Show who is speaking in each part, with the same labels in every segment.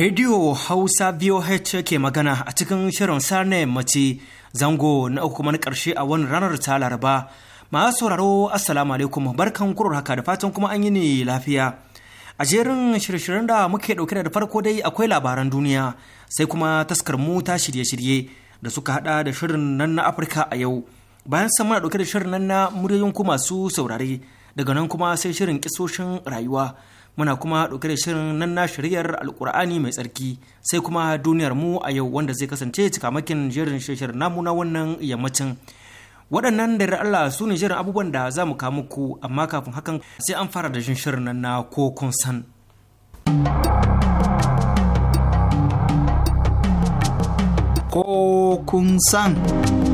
Speaker 1: Radio Hausa VOH ke magana a cikin shirin sarne mace zango na uku kuma na ƙarshe a wani ranar ta Laraba. Masu sauraro Assalamu alaikum barkan kurar haka da fatan kuma an yi ne lafiya. A jerin shirye-shiryen da muke ɗauke da farko dai akwai labaran duniya sai kuma taskar mu ta shirye-shirye da suka hada da shirin nan na Afirka a yau. Bayan sa muna dauke da shirin nan na muryoyin ku masu saurare daga nan kuma sai shirin kisoshin rayuwa. muna kuma ɗauke da shirin nan na shiryar alkur'ani mai tsarki sai kuma duniyar mu a yau wanda zai kasance cikamakin jerin shirin namu na wannan yammacin waɗannan da Allah su ne jerin abubuwan da za mu kawo muku amma kafin hakan sai an fara da shirin nan na ko kun san
Speaker 2: ko kun san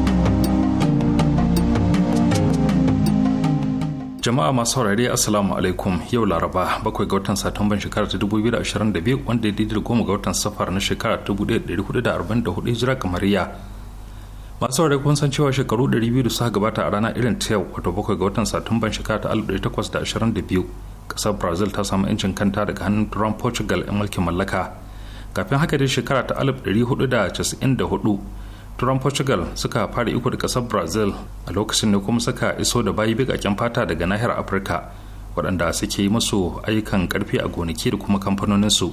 Speaker 3: jama'a masu saurare assalamu alaikum yau laraba bakwai ga watan satumban shekara ta 2022 wanda ya daidai goma ga watan safar na shekara 1444 hijira kamariya masu saurare kun san cewa shekaru 200 da suka gabata a rana irin ta yau wato bakwai ga watan satumban shekara ta 1822 kasar brazil ta samu yancin kanta daga hannun turan portugal 'yan mulkin mallaka kafin haka dai shekara ta 1494 turan portugal suka fara iko da kasar brazil a lokacin ne kuma suka iso da bayi bigaken fata daga nahiyar afirka waɗanda suke yi musu ayyukan karfi a gonaki da kuma kamfanoninsu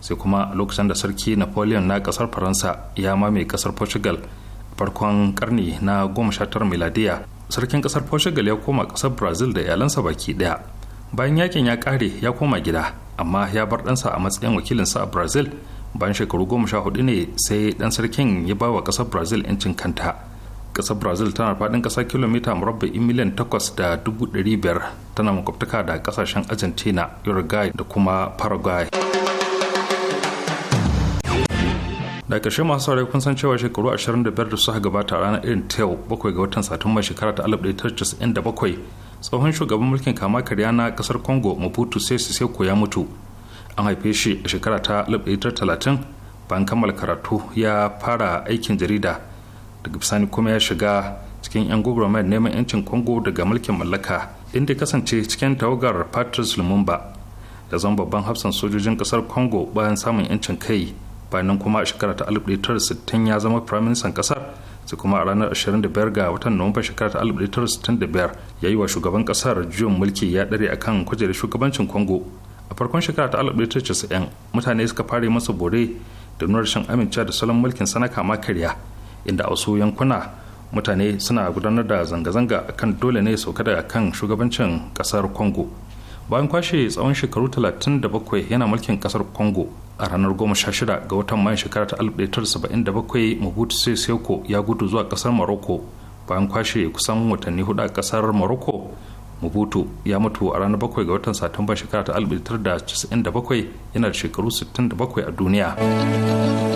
Speaker 3: sai kuma a lokacin da sarki napoleon na kasar faransa ya mame kasar portugal farkon karni na goma 19 miladiya sarkin kasar portugal ya koma kasar brazil da iyalansa baki daya bayan yakin ya kare ya koma gida amma ya bar ɗansa a matsayin wakilinsa a brazil bayan shekaru goma sha hudu ne sai dan sarkin ya ba wa kasar brazil 'yancin kanta kasar brazil tana faɗin ƙasa kilomita murabba'i miliyan takwas da dubu biyar tana makwabtaka da ƙasashen argentina uruguay da kuma paraguay da ƙarshe masu saurari kun san cewa shekaru 25 da suka gabata a ranar irin ta bakwai ga watan satumba shekara ta 1997 tsohon shugaban mulkin kama karya na kasar congo su sai ko ya mutu an haife shi a shekara ta 1930 bayan kammala karatu ya fara aikin jarida daga bisani kuma ya shiga cikin 'yan gwagwarmayar neman 'yancin congo daga mulkin mallaka inda ya kasance cikin tawagar patrice lumumba da zan babban hafsan sojojin kasar congo bayan samun 'yancin kai bayan kuma a shekara ta 1960 ya zama firaministan kasar sai kuma a ranar 25 ga watan nuwamba shekara ta 1965 ya yi wa shugaban kasar juyin mulki ya dare akan kujerar shugabancin congo a farkon shekara ta 1990 mutane suka fara masa bore da nuna rashin amincewa da salon mulkin sanaka makariya inda a wasu yankuna mutane suna gudanar da zanga-zanga kan dole ne sauka daga kan shugabancin kasar congo bayan kwashe tsawon shekaru 37 yana mulkin kasar congo a ranar 16 ga watan mayan shekara ta 1977 mobutu sai seko ya gudu zuwa kasar morocco bayan kwashe kusan watanni hudu a kasar morocco Mobutu ya mutu a ranar bakwai ga watan Satumba shekara ta 1997 yana da shekaru 67 a duniya.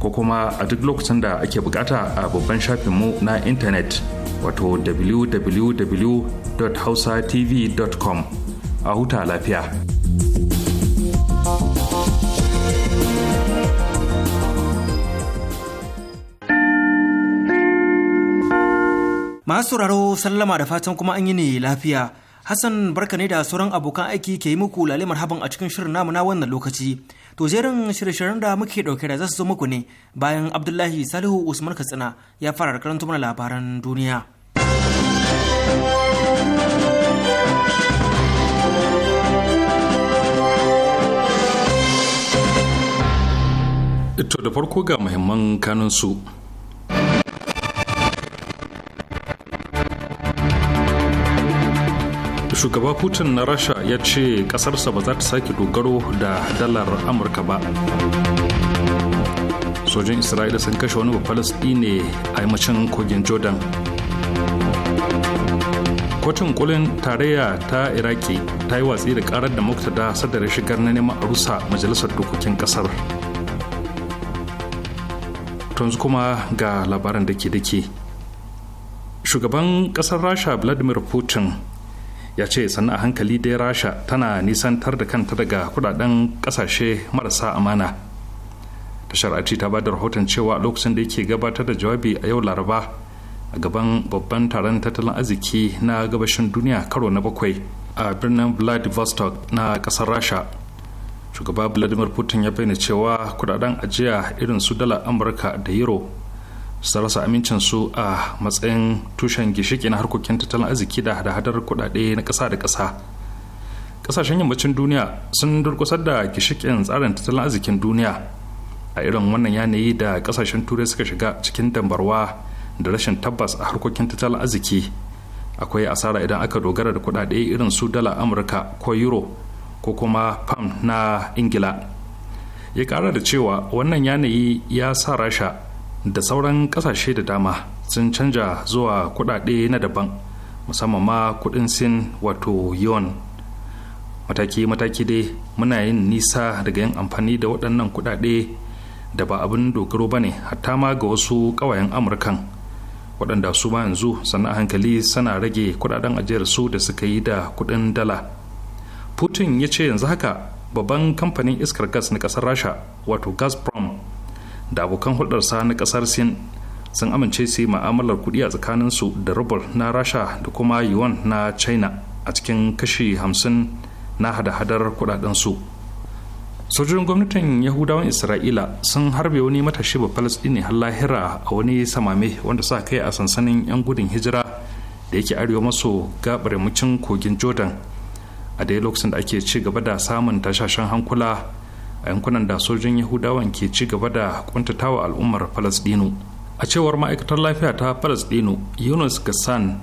Speaker 3: ko kuma a duk lokacin da ake bukata a babban shafinmu na intanet wato www.hausatv.com a huta lafiya.
Speaker 1: Masu sauraro sallama da fatan kuma an yi ne lafiya. Hassan barka ne da sauran abokan aiki ke yi muku lalimar haban a cikin shirin namu na wannan lokaci. To jerin shirye-shiryen da muke ɗauke da zasu zo muku ne bayan Abdullahi Salihu Usman Katsina ya fara karanta mana labaran duniya.
Speaker 3: To da farko ga muhimman kanunsu. shugaba putin na rasha ya ce kasarsa ba za ta sake dogaro da dalar amurka ba sojin isra'ila sun kashe wani ne a yammacin kogin jordan kotun kulin tarayya ta iraki ta yi watsi da karar da muktada sadar shigar na neman rusa majalisar dokokin kasar tunzu kuma ga labaran da ke shugaban kasar rasha vladimir putin ya ce sannan a hankali dai rasha tana nisantar da kanta daga kudaden kasashe marasa amana tashar ati ta bada rahoton cewa lokacin da yake gabatar da jawabi a yau laraba a gaban babban taron tattalin arziki na gabashin duniya karo na bakwai a birnin vladivostok na kasar rasha shugaba vladimir putin ya bayyana cewa kudaden ajiya irin su dala amurka da euro su rasa amincin su a matsayin tushen gishiki na harkokin tattalin arziki da hada-hadar kudade na ƙasa da kasa ƙasashen yammacin duniya sun durkusar da gishikin tsarin tattalin arzikin duniya a irin wannan yanayi da kasashen turai suka shiga cikin dambarwa da rashin tabbas a harkokin tattalin arziki akwai asara idan aka dogara da kudade irin su dala amurka ko euro ko kuma pound na ingila ya kara da cewa wannan yanayi ya sa rasha da sauran kasashe da dama sun canja zuwa kudade na daban musamman ma kudin sin wato yon mataki-mataki dai muna yin nisa daga yin amfani da waɗannan kudade da ba abin dogaro ba ne hatta ma ga wasu ƙawayen amurkan waɗanda su ba yanzu sannan hankali sana rage kudaden ajiyar su da suka yi da kudin dala putin ya ce yanzu haka babban kamfanin iskar gas na ƙasar rasha wato gazprom da abokan hulɗarsa na ƙasar sin sun amince su yi ma'amalar kuɗi a tsakaninsu da rubel na rasha da kuma yuan na china a cikin kashi hamsin na hada-hadar su. sojojin gwamnatin yahudawan isra'ila sun harbe wani matashi ba falastini har lahira a wani samame wanda sa kai a sansanin 'yan gudun hijira da yake arewa maso gabar kogin jordan a dai lokacin da ake ci gaba da samun tashashen hankula a yankunan da sojin yahudawan ke ci gaba da kuntatawa al'ummar falasdino a cewar ma'aikatar lafiya ta falasdino yunus gassan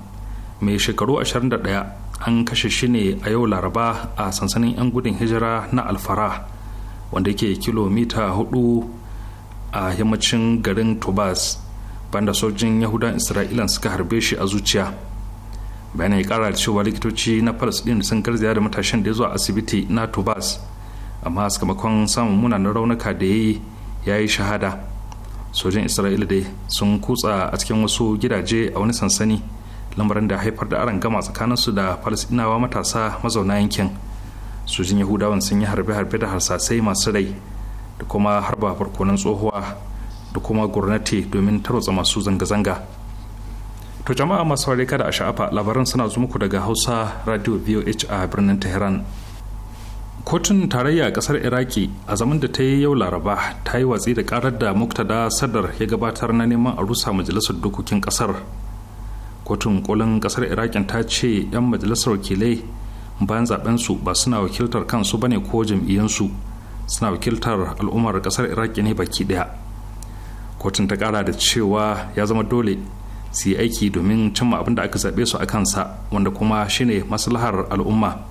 Speaker 3: mai shekaru 21 an kashe shi ne a yau laraba a sansanin 'yan gudun hijira na alfara wanda ke kilomita 4 a yammacin garin tobas banda sojin yahudan isra'ila suka harbe shi a zuciya bayanai kara cewa likitoci na falasdino sun garzaya da matashin da ya zuwa asibiti na tubas amma sakamakon samun munanan raunuka da ya yi ya yi shahada sojin isra'ila dai sun kutsa a cikin wasu gidaje a wani sansani lamarin da haifar da aron gama tsakanin su da falasɗinawa matasa mazauna yankin sojin yahudawan sun yi harbe-harbe da harsasai masu rai da kuma harba barkonan tsohuwa da kuma gwamnati domin tarwatsa masu zanga-zanga to jama'a masu kada a sha'afa labaran suna muku daga hausa radio voh a birnin tehran kotun tarayya a kasar iraki a zaman da ta yi yau laraba ta yi watsi da karar da muktada sadar ya gabatar na neman a rusa majalisar dokokin kasar kotun kolin kasar iraki ta ce 'yan majalisar wakilai bayan zabensu ba suna wakiltar kansu ba ne ko jam'iyyansu suna wakiltar al'ummar kasar iraki ne baki daya kotun ta kara da cewa ya zama dole su yi aiki domin cimma abin da aka zaɓe su a kansa wanda kuma shine maslahar al'umma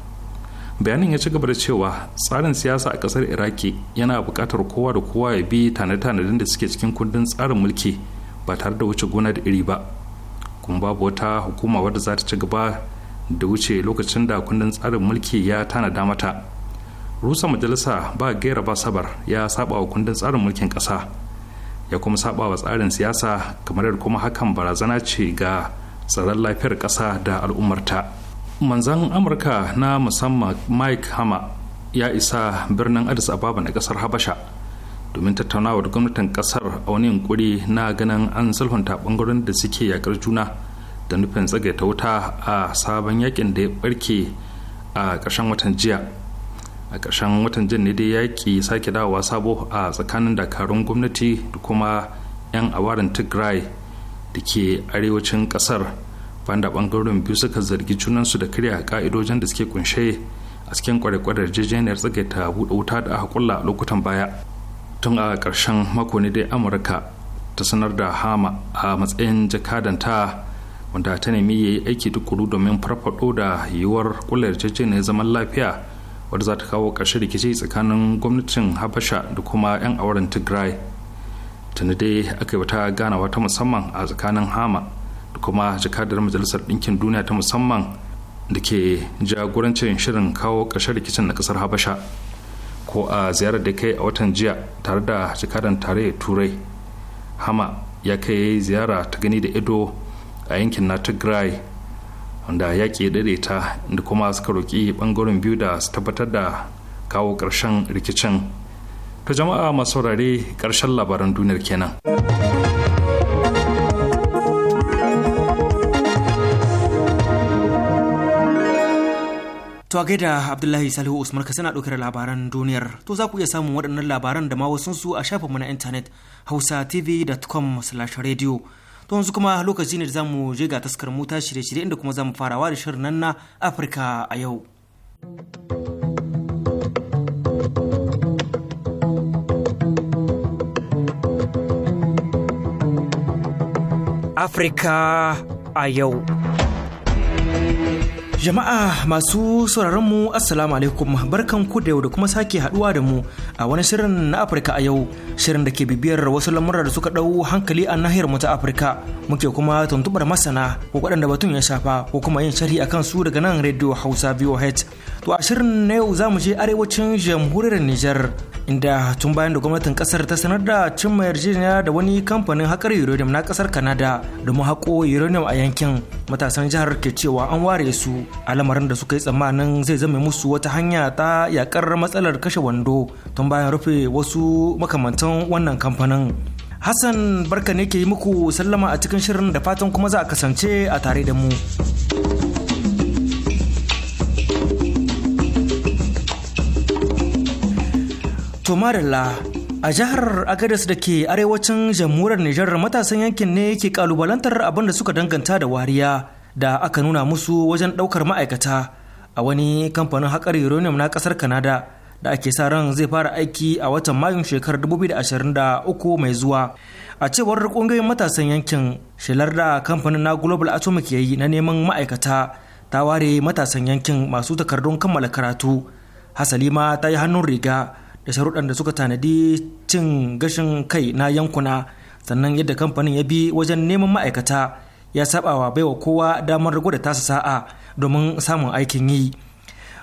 Speaker 3: bayanin ya ci gaba da cewa tsarin siyasa a kasar iraki yana bukatar kowa da kowa ya bi tanadin da suke cikin kundin tsarin mulki ba tare da wuce gona da iri ba kuma babu wata hukuma wadda za ta ci gaba da wuce lokacin da kundin tsarin mulki ya tanada mata rusa majalisa ba gaira ba sabar ya saba kundin tsarin mulkin ƙasa ya kuma saba tsarin siyasa kamar kuma hakan barazana ce ga tsaron lafiyar ƙasa da al'ummarta. manzan amurka na musamman mike hama ya isa birnin addis ababa na kasar habasha domin tattaunawa da gwamnatin kasar a wani yankuri na ganin an sulhunta bangaren da suke yakar juna da nufin tsagaita wuta a sabon yakin da ya barke a ƙarshen watan jiya a ƙarshen watan jin ne dai yaƙi sake dawowa sabo a tsakanin dakarun gwamnati da kuma 'yan awarin tigray da ke arewacin ƙasar banda bangaren biyu suka zargi junansu da karya ka'idojin da suke kunshe a cikin kwarekwarar yarjejeniyar tsagaita buɗe wuta da aka kulla a lokutan baya tun a ƙarshen mako ne dai amurka ta sanar da hama a matsayin jakadanta wanda ta nemi ya yi aiki tukuru domin farfaɗo da yiwuwar kula jejeniyar zaman lafiya wadda za ta kawo ƙarshe rikici tsakanin gwamnatin habasha da kuma 'yan auren tigray tuni dai aka yi wata ganawa ta musamman a tsakanin hama da kuma jakadar majalisar ɗinkin duniya ta musamman da ke jagorancin shirin kawo ƙarshen rikicin na ƙasar habasha ko a ziyarar da kai a watan jiya tare da jakadan tarayyar turai hama ya kai ziyara ta gani da ido a yankin na tigray wanda yaƙi ta da kuma suka roƙi ɓangaren biyu da su tabbatar da kawo ƙarshen rikicin ta jama'a masu saurare ƙarshen labaran duniyar kenan.
Speaker 1: To gaida Abdullahi Salihu Usman ka sana ɗaukar labaran duniyar. To za ku iya samun waɗannan labaran da ma wasu su a shafinmu na intanet hausatv.com slash radio. To yanzu kuma lokaci ne da za mu je ga taskar mu ta shirye-shirye inda kuma za mu farawa da shirin nan na Afirka a yau. Afirka a yau. Jama'a masu sauraron mu Assalamu alaikum barkan ku da yau da kuma sake haduwa da mu a wani shirin na Afirka a yau shirin da ke bibiyar wasu lamurra da suka dau hankali a nahiyar mu ta Afirka muke kuma tuntubar masana ko waɗanda batun ya shafa ko kuma yin sharhi akan su daga nan Radio Hausa VOH to a shirin na yau zamu je arewacin jamhuriyar Nijar inda tun bayan da gwamnatin kasar ta sanar da cimma yarjejeniya da wani kamfanin haƙar uranium na kasar Canada mu haƙo uranium a yankin matasan jihar ke cewa an ware su alamarin da suka yi tsammanin zai zama musu wata hanya ta yakar matsalar kashe wando tun bayan rufe wasu makamantan wannan kamfanin hassan barka ne ke yi muku sallama a cikin shirin da fatan kuma za a kasance a tare da mu to a jihar Agadis da ke arewacin jamhuriyar nijar matasan yankin ne ke kalubalantar abin da suka danganta da wariya da aka nuna musu wajen ɗaukar ma'aikata a wani kamfanin haƙar uranium na ƙasar kanada da ake sa ran zai fara aiki a watan Mayun shekarar 2023 mai zuwa. A cewar ƙungiyoyin matasan yankin shelar da kamfanin na Global Atomic yayi na neman ma'aikata ta ware matasan yankin masu takardun kammala karatu. Hasali ma ta yi hannun riga da sharuɗan da suka tanadi cin gashin kai na yankuna sannan yadda kamfanin ya bi wajen neman ma'aikata. ya wa baiwa kowa damar da tasa sa'a domin samun aikin yi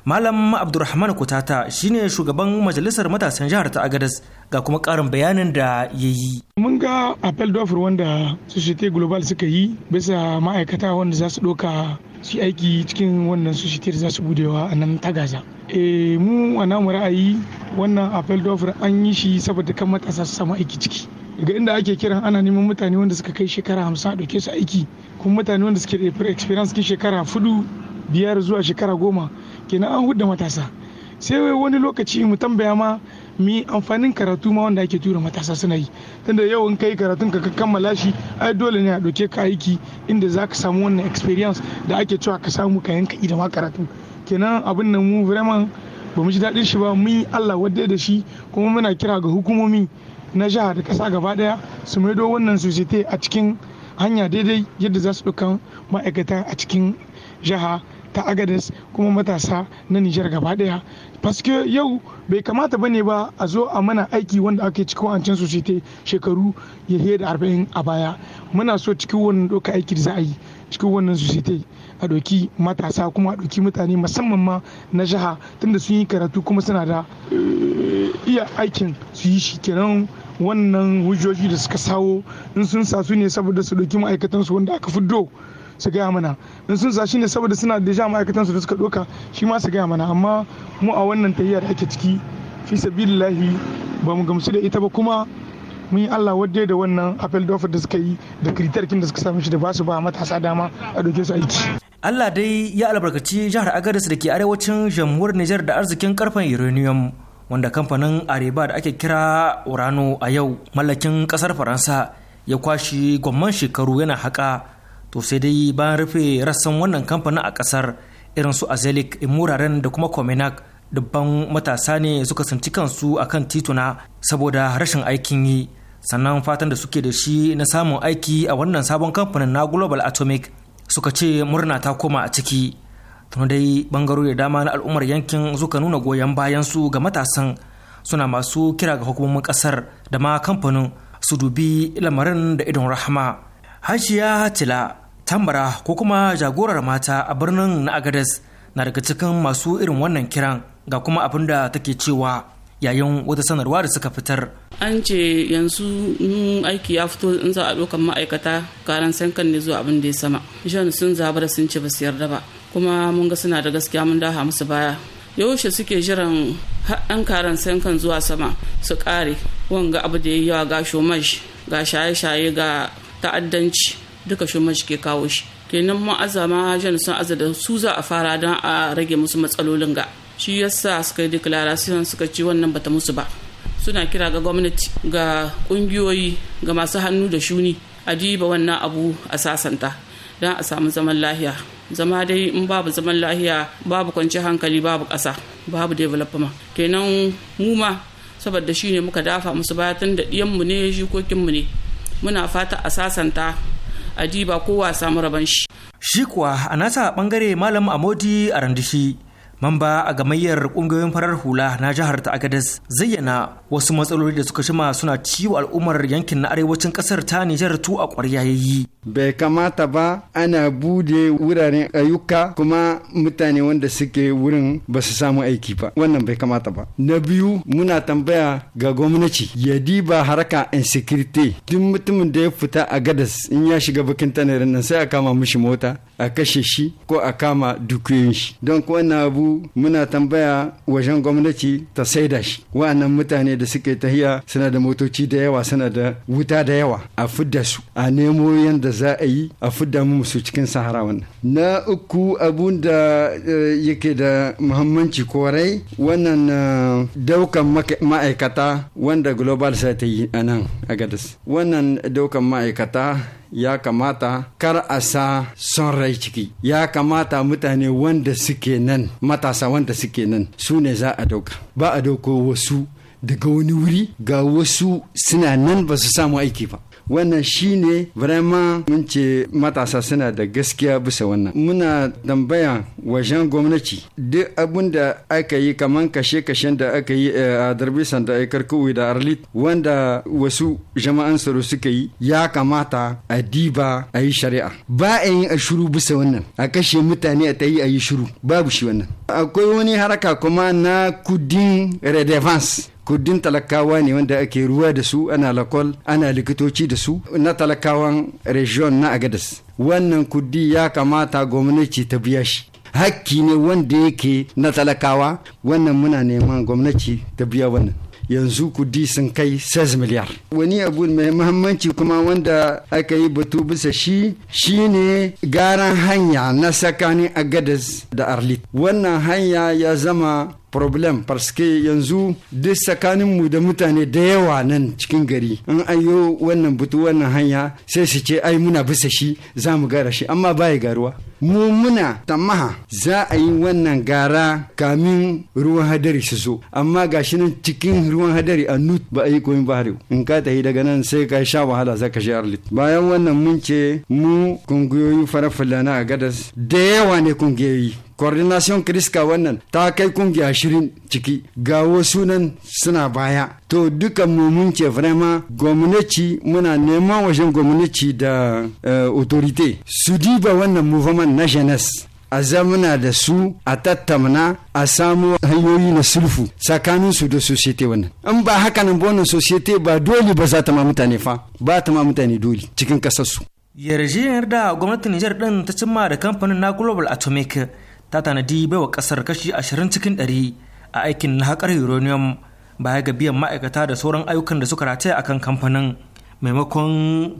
Speaker 1: malam abdulrahman kutata shine shugaban majalisar matasan jihar ta agadas ga kuma karin bayanin da ya yi
Speaker 4: mun ga appel d'offre wanda societe global suka yi bisa ma'aikata wanda za su doka su aiki cikin wannan societe za su budewa a nan ta gaza e mu a namu ra'ayi wannan appel d'offre an yi shi saboda kan matasa su samu aiki ciki daga inda ake kiran ana neman mutane wanda suka kai shekara hamsin a ɗauke su aiki kuma mutane wanda suke da experience kin shekara fudu biyar zuwa shekara goma kenan an hudda matasa sai wani lokaci mu tambaya ma mi amfanin karatu ma wanda ake tura matasa suna yi tunda yau in kai karatun ka kammala shi ai dole ne a ɗauke ka aiki inda za ka samu wannan experience da ake cewa ka samu ka yanka ida ma karatu kenan abin nan mu vraiment ba mu ji daɗin shi ba mun yi Allah wadda da shi kuma muna kira ga hukumomi na jiha da kasa gaba ɗaya su maido wannan societe a cikin hanya daidai yadda za su ɗaukan ma'aikata a cikin jiha ta agadas kuma matasa na nijar gaba daya paske yau bai kamata bane ba a zo a mana aiki wanda ake cikin wancan societe shekaru ya da arba'in a baya muna so cikin wannan doka aiki da za a yi cikin wannan societe a doki matasa kuma a doki mutane musamman ma na jiha tunda sun yi karatu kuma suna da eh, iya aikin su yi shi kenan wannan hujjoji da suka sawo in sun sa su ne saboda su ɗauki ma'aikatansu wanda aka fiddo su gaya mana in sun sa shi ne saboda suna da ja ma'aikatansu da suka ɗauka shi ma su gaya mana amma mu a wannan tahiyar da ake ciki fi sabilillahi ba mu gamsu da ita ba kuma mun yi Allah wadda da wannan apel dofa da suka yi da kiritarkin da suka sami shi da ba su ba matasa dama a doke su aiki.
Speaker 1: Allah dai ya albarkaci jihar Agadez da ke arewacin jamhuriyar Nijar da arzikin karfen uranium. wanda kamfanin areba da ake kira urano a yau mallakin kasar faransa ya kwashi gwamman shekaru yana haka to sai dai bayan rufe rassan wannan kamfanin a kasar irin su azelik imuraren da kuma kominak dubban matasa ne suka tsinci kansu a kan tituna saboda rashin aikin yi sannan fatan da suke da shi na samun aiki a wannan sabon kamfanin na global atomic suka ce murna ta koma a ciki tun dai bangarori da dama na al'ummar yankin suka nuna goyon bayan su ga matasan suna masu kira ga hukumomin kasar da ma kamfanin su dubi lamarin da idon rahama hajiya tila tambara ko kuma jagorar mata a birnin na agadas na daga cikin masu irin wannan kiran ga kuma abin da take cewa yayin wata sanarwa da suka fitar
Speaker 5: an ce yanzu aiki ya fito in za a ɗaukan ma'aikata karan sankan ne zuwa abin da ya sama shan sun zabara sun ce ba su yarda ba kuma mun ga suna da gaskiya mun daha musu baya yaushe suke jiran haɗan karan sai kan zuwa sama su ƙare wanga abu da ya yawa ga shomaj ga shaye-shaye ga ta'addanci duka shomaj ke kawo shi kenan mu azama jan sun aza da su za a fara don a rage musu matsalolin ga shi yasa suka yi declaration suka ci wannan bata musu ba suna kira ga gwamnati ga kungiyoyi ga masu hannu da shuni a diba wannan abu a sasanta don a samu zaman lahiya zama dai in babu zaman lahiya babu kwanci hankali babu ƙasa babu development kenan mu ma saboda shi ne muka dafa musu baya tun da ɗiyanmu ne jikokinmu ne muna fata a sasanta a diba
Speaker 1: kowa samu raban shi shi kuwa a nasa bangare malam amodi a randishi Mamba a gamayyar kungiyoyin farar hula na jihar ta agadas zayyana wasu matsaloli da suka shima suna ciwo al'ummar yankin na arewacin kasar ta Nijar tu a ƙwarya yayi.
Speaker 6: Bai kamata ba ana bude wuraren ayyuka kuma mutane wanda suke wurin ba su samu aiki ba wannan bai kamata ba. Na biyu muna tambaya ga gwamnati ya diba haraka insecurity duk mutumin da ya fita a gadas in ya shiga bakin tanarin nan sai a kama mishi mota a kashe shi ko a kama dukiyoyin shi don ko wannan abu muna tambaya wajen gwamnati ta saida shi wa'annan mutane da suke tahiya suna da motoci da yawa suna da wuta da yawa a fidda su a nemo yadda za a yi a fidda mu su cikin sahara wannan na uku abun da eh, yake da muhimmanci korai wannan eh, daukan ma'aikata wanda global sai ta yi a nan a gadas wannan daukan ma'aikata ya kamata kar a sa son rai ciki ya kamata mutane wanda suke nan matasa wanda suke nan su ne za a dauka ba a dauko wasu daga wani wuri ga wasu suna nan ba su samu aiki ba wannan shine vraiment mun ce matasa suna da gaskiya bisa wannan muna tambaya wajen gwamnati duk abin da aka yi kaman kashe-kashen da aka yi eh, a darbisan da aikar kowai da arlit wanda wasu jama'an tsaro suka yi ya kamata a diba a yi shari'a ba a yi a shuru bisa wannan a kashe mutane a ta yi a yi shuru babu shi wannan akwai wani haraka kuma na kudin redevance kudin talakawa ne wanda ake ruwa da su ana lakol ana likitoci da su na talakawan region na agadas wannan kuddi ya kamata gwamnati ta biya shi hakki ne wanda yake na talakawa wannan muna neman gwamnati ta biya wannan yanzu kudi sun kai 6 miliyar wani abu mai muhimmanci kuma wanda aka yi batu bisa shi shine garan hanya na tsakanin agadas da arlit wannan hanya ya zama problem parce yanzu duk tsakanin mu da mutane da yawa nan cikin gari in ayo wannan butu wannan hanya sai su ce ai muna bisa shi za mu gara shi amma baya garuwa mu muna tamaha za a yi wannan gara kamin ruwan hadari su zo amma ga shi nan cikin ruwan hadari a nut ba a yi koyin ba in ka tafi daga nan sai ka sha wahala za ka sha bayan wannan mun ce mu kungiyoyi fara fulana a gadas da yawa ne kungiyoyi coordination kiriska wannan ta kai kungiya shirin ciki ga wasu nan suna baya to duka mun ce vraiment gwamnati muna neman wajen gwamnati da eh, autorite su diba wannan movement na jeunesse a zamana da su a tattamna a samu hanyoyi na sulfu tsakanin su da societe wannan in ba haka nan ba societe ba dole ba za ta ma mutane fa ba ta ma mutane dole cikin kasar su
Speaker 1: yarjejeniyar da gwamnatin Nijar din ta cimma da kamfanin na Global Atomic ta tanadi baiwa kasar kashi ashirin cikin ɗari a aikin na haƙar uranium baya ga biyan ma'aikata da sauran ayyukan da suka rataya akan kamfanin maimakon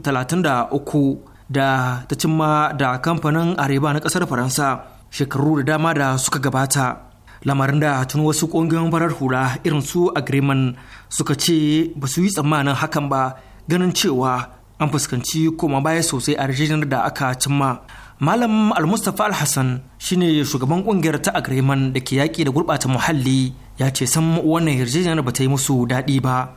Speaker 1: 33 da ta cimma da kamfanin areba na kasar faransa shekaru da dama da suka gabata lamarin da tun wasu ƙungiyoyin farar hula irin su agreement suka ce ba su yi tsammanin hakan ba ganin cewa an fuskanci koma baya sosai a da aka cimma Malam Al-Mustapha Al-Hassan shine shugaban kungiyar ta Agreman da ke yaƙi da gurɓata muhalli ya ce san wannan yarjejeniyar ba ta yi musu daɗi ba.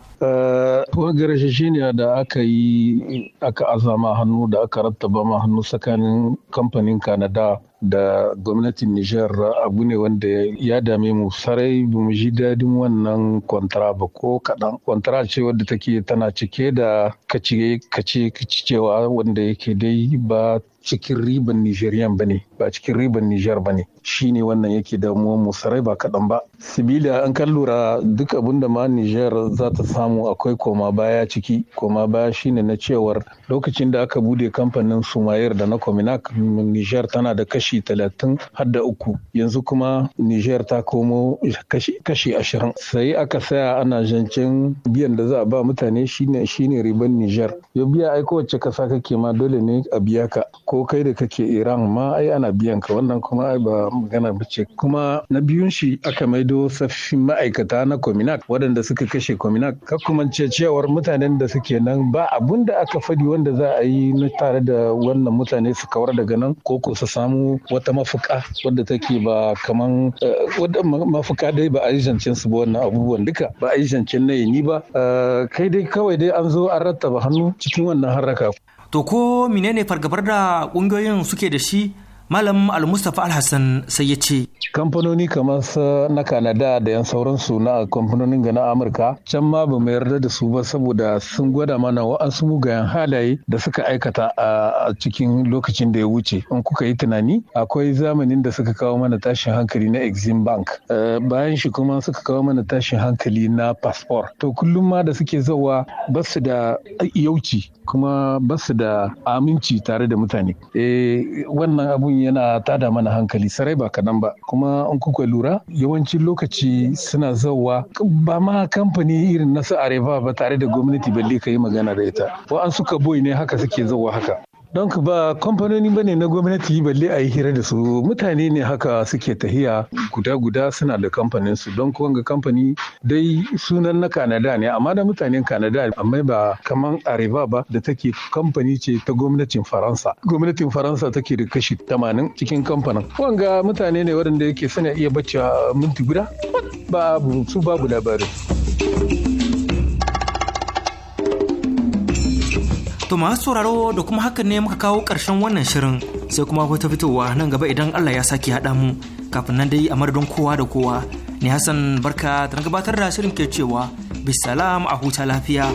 Speaker 7: Kungiyar shi shine da aka yi aka azama hannu da aka rattaba ma hannu tsakanin kamfanin Kanada da gwamnatin Nijar abu ne wanda ya dame mu sarai ba mu ji dadin wannan kwantara ba ko kaɗan. Kwantara ce wadda take tana cike da kace kace cewa wanda yake dai ba cikin riban Nijeriyan ba ne ba cikin riban Nijar ba ne shi ne wannan yake damuwa mu sarai ba kaɗan ba. Sibila an kan lura duk abin da ma Nijar za ta samu akwai koma baya ciki koma baya shi ne na cewar lokacin da aka bude kamfanin Sumayar da na Kominak Nijar tana da kashi kashi talatin har da uku yanzu kuma niger ta komo kashi ashirin sai aka saya ana zancen biyan da za a ba mutane shine shine riban niger ya biya ai kowace kasa kake ma dole ne a biya ka ko kai da kake iran ma ai ana biyan ka wannan kuma ai ba magana ba kuma na biyun shi aka maido saffin ma'aikata na kominak wadanda suka kashe kominak ka kuma cewar mutanen da suke nan ba abun da aka fadi wanda za a yi na tare da wannan mutane su kawar daga nan ko ko su samu wata mafuka wadda take ba kaman eh, wadda mafuka dai ba a yi zancen su ba wannan abubuwan duka ba a yi zancen na ni ba eh, kai dai kawai dai an zo an rattaba hannu cikin wannan haraka. To ko menene fargabar
Speaker 1: da ƙungiyoyin suke da shi Malam Al-Mustapha Al-Hassan sai ya ce.
Speaker 7: Kamfanoni kamar na Kanada da yan sauransu na kamfanonin ga Amurka can ma ba mu yarda da su ba saboda sun gwada mana wa'ansu mugayen halaye da suka aikata a cikin lokacin da ya wuce. In kuka yi tunani akwai zamanin da suka kawo mana tashin hankali na Exim Bank. Eh, bayan shi kuma suka kawo mana tashin hankali na passport. To kullum ma da suke zawa ba su da yauci kuma ba su da aminci tare da mutane. Eh, wannan abun yana tada mana hankali sarai ba kadan ba kuma in kuka lura yawancin lokaci suna zauwa ba ma kamfani irin na su ba tare da gwamnati balle ka yi magana da ita wa'an suka boy ne haka suke zauwa haka don ba kamfanoni bane na gwamnati balle a yi hira da su mutane ne haka suke tahiya guda-guda suna da kamfanin su don kuwan ga kamfani dai sunan na kanada ne amma da mutanen kanada amma ba kaman arewa ba da take kamfani ce ta gwamnatin faransa gwamnatin faransa take da kashi tamanin cikin kamfanin wanga mutane ne waɗanda yake suna iya bacci minti guda babu su babu labarin To masu
Speaker 1: sauraro da kuma hakan ne muka kawo ƙarshen wannan shirin sai kuma ta fitowa nan gaba idan Allah ya sake haɗa mu kafin nan dai a madadin kowa da kowa. Ni Hassan Barka ta gabatar da shirin ke cewa bisalam a huta lafiya.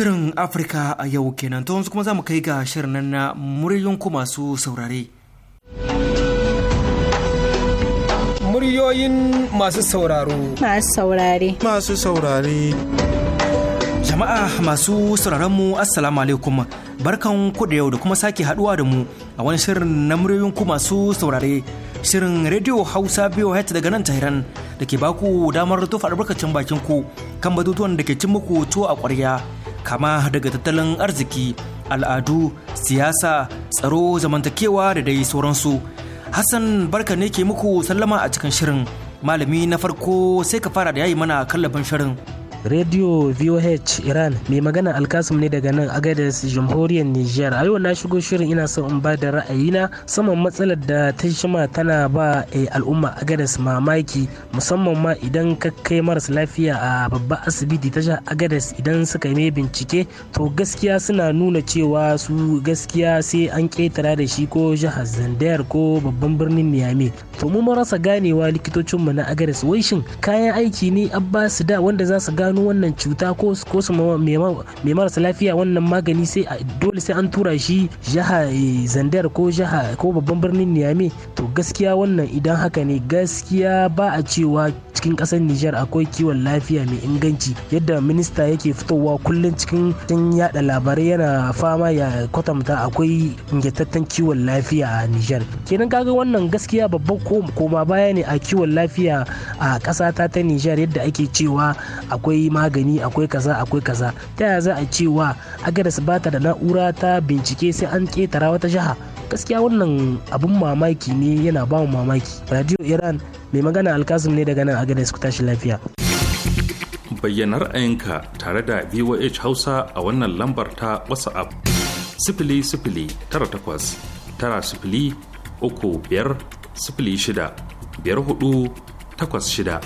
Speaker 1: Shirin Afirka a yau kenan to yanzu kuma za mu kai ga shirin nan na muryoyinku masu saurare.
Speaker 2: Muryoyin masu sauraro. Masu saurare. Masu saurare.
Speaker 1: Jama'a masu sauraron mu Assalamu alaikum barkan ku da yau da kuma sake haduwa da mu a wani shirin na muryoyin ku masu saurare. Shirin Radio Hausa biyu daga nan Tahiran da ke baku damar tufa albarkacin bakin ku kan batutuwan da ke cin muku tuwo a ƙwarya. kama daga tattalin arziki al'adu siyasa tsaro zamantakewa da dai sauransu hassan barka ne ke muku sallama a cikin shirin malami na farko sai ka fara da ya yi mana kallafin shirin
Speaker 8: Radio VOH Iran mai magana Alkasim ne daga nan Agadez Jamhuriyar Nijar. A yau na shigo shirin ina son in ba da ra'ayina saman matsalar da ta shima tana ba eh, al'umma Agadez mamaki musamman ma idan ka kai maras lafiya a babban asibiti ta jihar Agadez idan suka yi mai bincike to gaskiya suna nuna cewa su gaskiya sai an ketara da shi ko jihar Zandayar ko babban birnin Niamey. To mu marasa ganewa likitocinmu na Agadez wai shin kayan aiki ne su da wanda za su gano gano wannan cuta ko ko su mai marasa lafiya wannan magani sai dole sai an tura shi jaha eh, zandar ko jaha ko babban birnin niyame to gaskiya wannan idan haka ne gaskiya ba a cewa cikin ƙasar Nijar akwai kiwon lafiya mai inganci yadda minista yake fitowa kullum cikin cikin yada labarai yana fama ya kwatanta akwai ingantaccen kiwon lafiya a Nijar. Kenan kaga wannan gaskiya babban koma baya ne a kiwon lafiya a ƙasa ta ta Nijar yadda ake cewa akwai magani akwai kaza akwai kaza ta yaya za a cewa agadas ba ta da na'ura ta bincike sai an ƙetara wata jiha gaskiya wannan abun mamaki ne yana ba mu mamaki radio iran mai magana alkasim ne daga nan a agadez ku tashi lafiya
Speaker 3: bayyanar ayinka tare da voh hausa a wannan lambar ta whatsapp sifili sifili tara takwas tara sifili uku biyar sifili shida biyar hudu takwas shida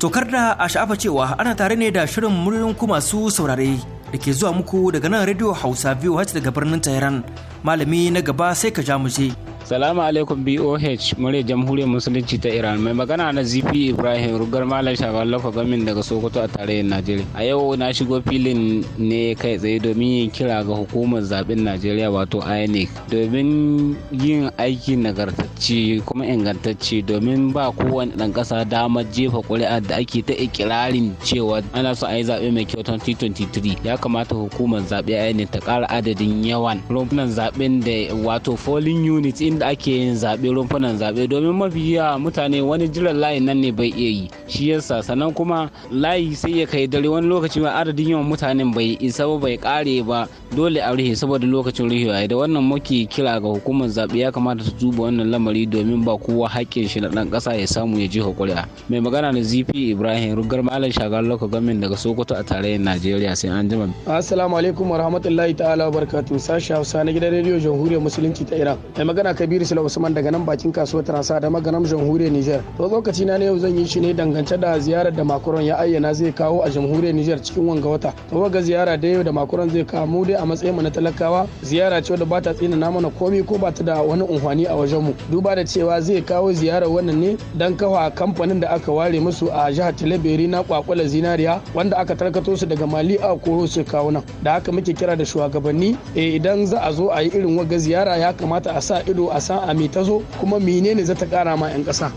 Speaker 3: tokar da a sha'afa
Speaker 1: cewa ana tare ne da shirin muryoyin masu saurare da ke zuwa muku daga nan radio hausa voh daga birnin tehran malami na gaba sai ka ja muje Salamu alaikum BOH
Speaker 5: murya jamhuriyar musulunci ta Iran mai magana na ZP Ibrahim rugar malam shagon lafa gamin daga Sokoto a tarayyar Najeriya. A yau na shigo filin ne kai tsaye domin yin kira ga hukumar zaben Najeriya wato INEC domin yin aiki nagartacce kuma ingantacce domin ba kowane ɗan ƙasa damar jefa ƙuri'a da ake ta ikirarin cewa ana so a yi zaɓe mai kyau 2023 ya kamata hukumar zaɓe INEC ta ƙara adadin yawan rumfunan zaɓen da wato Falling unit in inda ake yin zaɓe rumfunan zaɓe domin mafi yawa mutane wani jiran layi nan ne bai iya yi shi yasa sannan kuma layi sai ya kai dare wani lokaci ma adadin yawan mutane bai isa ba bai kare ba dole a rufe saboda lokacin rufewa da wannan muke kira ga hukumar zaɓe ya kamata su duba wannan lamari domin ba kowa haƙƙin shi na ɗan ƙasa ya samu ya ji hakuriya mai magana da zp ibrahim rugar malam shagar loko gamin daga sokoto a tarayyar najeriya sai an jima
Speaker 4: assalamu alaikum warahmatullahi ta'ala barkatu sashi hausa na gidan rediyo jamhuriyar musulunci ta iran mai magana kai kabiru sula usman daga nan bakin kasuwar transa da maganar jamhuriyar niger to lokaci na yau zan yi shi ne dangance da ziyarar da makuron ya ayyana zai kawo a jamhuriyar niger cikin wanga wata to ga ziyara da yau da makuron zai kawo mu dai a matsayin mu na talakawa ziyara ce da bata tsina mana komai ko bata da wani unhwani a wajen mu duba da cewa zai kawo ziyarar wannan ne dan kafa kamfanin da aka ware musu a jihar talabiri na kwakwala zinariya wanda aka tarkato su daga mali a koro su kawo nan da haka muke kira da shugabanni eh, idan za a zo a yi irin waga ziyara ya kamata a sa ido a san a ta zo kuma menene za ta kara ma 'yan ƙasa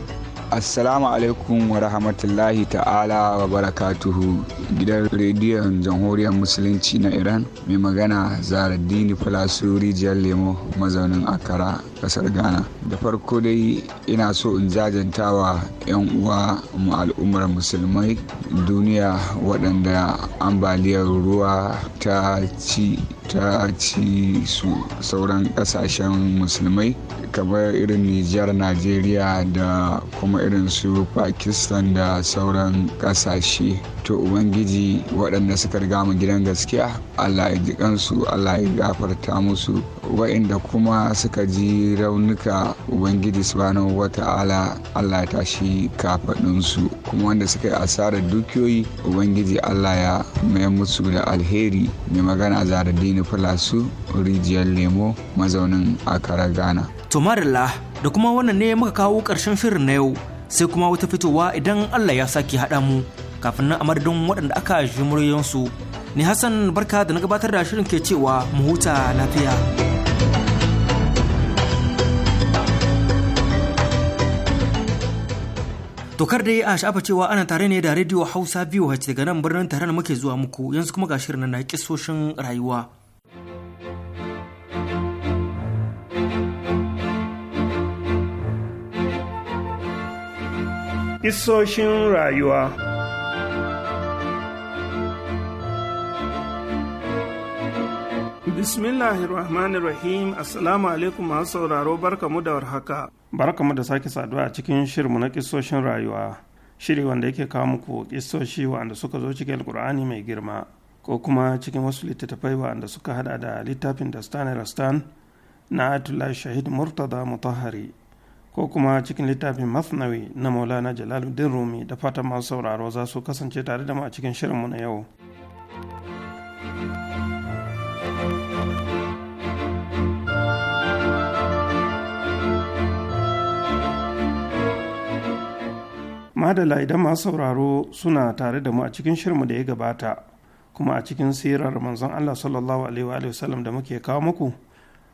Speaker 9: Assalamu alaikum wa rahmatullahi ta'ala wa barakatuhu gidan rediyon jamhuriyar musulunci na Iran mai magana Zaraddini Falasu Rijiyar Lemo mazaunin Akara kasar Ghana. Da farko dai ina so in jajantawa 'yan uwa mu al'ummar musulmai duniya waɗanda ambaliyar ruwa ta ci ta ci su sauran kasashen musulmai kamar irin nijar najeriya da kuma irin su pakistan da sauran kasashe to ubangiji waɗanda suka riga mu gidan gaskiya allah ya ji kansu allah ya gafarta musu waɗanda kuma suka ji raunuka ubangiji subhanahu wata'ala allah ya tashi kafaɗinsu kuma wanda suka yi asarar dukiyoyi ubangiji allah ya mai musu da alheri mai magana zaradini fulasu rijiyar lemo mazaunin akara ghana
Speaker 1: to maralla da kuma wannan ne muka kawo ƙarshen shirin na yau sai kuma wata fitowa idan allah ya sake haɗa mu kafin nan a madadin waɗanda aka ji muryoyinsu ni hassan barka da na gabatar da shirin ke cewa mu huta lafiya tokar dai a sha'afa cewa ana tare ne da rediyo hausa biyu daga nan birnin tare da muke zuwa muku yanzu kuma ga shirin na kisoshin rayuwa
Speaker 10: isoshin rayuwa. Bismillahirrahmanirrahim Assalamu alaikum masu sauraro barkamu da warhaka. mu da sake saduwa a cikin shirmu na kisoshin rayuwa. Shiri wanda yake kawo muku kisoshi wanda suka zo cikin Alkur'ani mai girma ko kuma cikin wasu littattafai wanda suka hada da littafin Dastan Rastan na Atullah Shahid Murtada Mutahari ko kuma cikin littafin Masnawi na Maulana Jalaluddin Rumi da fatan masu sauraro za su kasance tare da mu a cikin shirinmu na yau. madala idan masu sauraro suna tare da mu a cikin shirmu da ya gabata kuma a cikin sirar manzon allah sallallahu alaihi wa sallam da muke kawo muku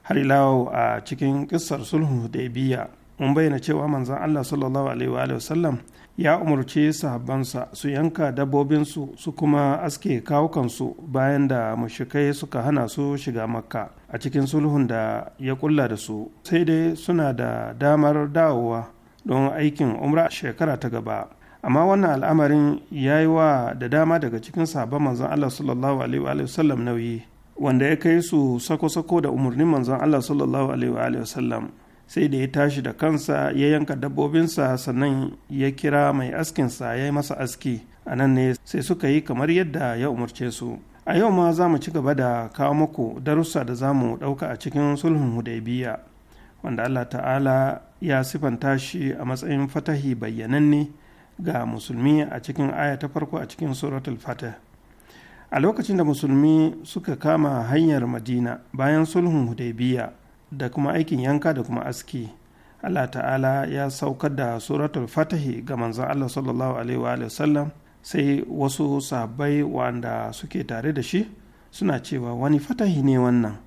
Speaker 10: har ilawo a cikin kissar sulhu da biya mun bayyana cewa manzon allah sallallahu alaihi wa sallam ya umarci sahabbansa su yanka dabbobinsu su kuma aske kawukansu bayan da mushrikai suka hana su shiga makka a cikin sulhun da ya kulla da su sai dai suna da damar dawowa don aikin umra a shekara ta gaba amma wannan al'amarin ya yi wa da dama daga cikin sabon manzon Allah sallallahu alaihi sallam nauyi wanda ya kai su sako-sako da umarnin manzon Allah sallallahu alaihi sallam sai da ya tashi da kansa ya yanka dabbobinsa sannan ya kira mai askinsa ya yi masa aski a nan ne sai suka yi kamar yadda ya umarce su a yau ma za mu ci gaba da kawo muku darussa da za mu ɗauka a cikin sulhun hudaybiya wanda Allah ta'ala ya sifanta shi a matsayin fatahi bayyananne ga musulmi a cikin aya ta farko a cikin suratul fatah a lokacin da musulmi suka kama hanyar madina bayan sulhun hudaybiya da kuma aikin yanka da kuma aski allah ta'ala ya saukar da suratul fatahi ga manzon allah sallallahu alaihi wa sallam sai wasu sahabbai wanda suke tare da shi suna cewa wani fatahi ne wannan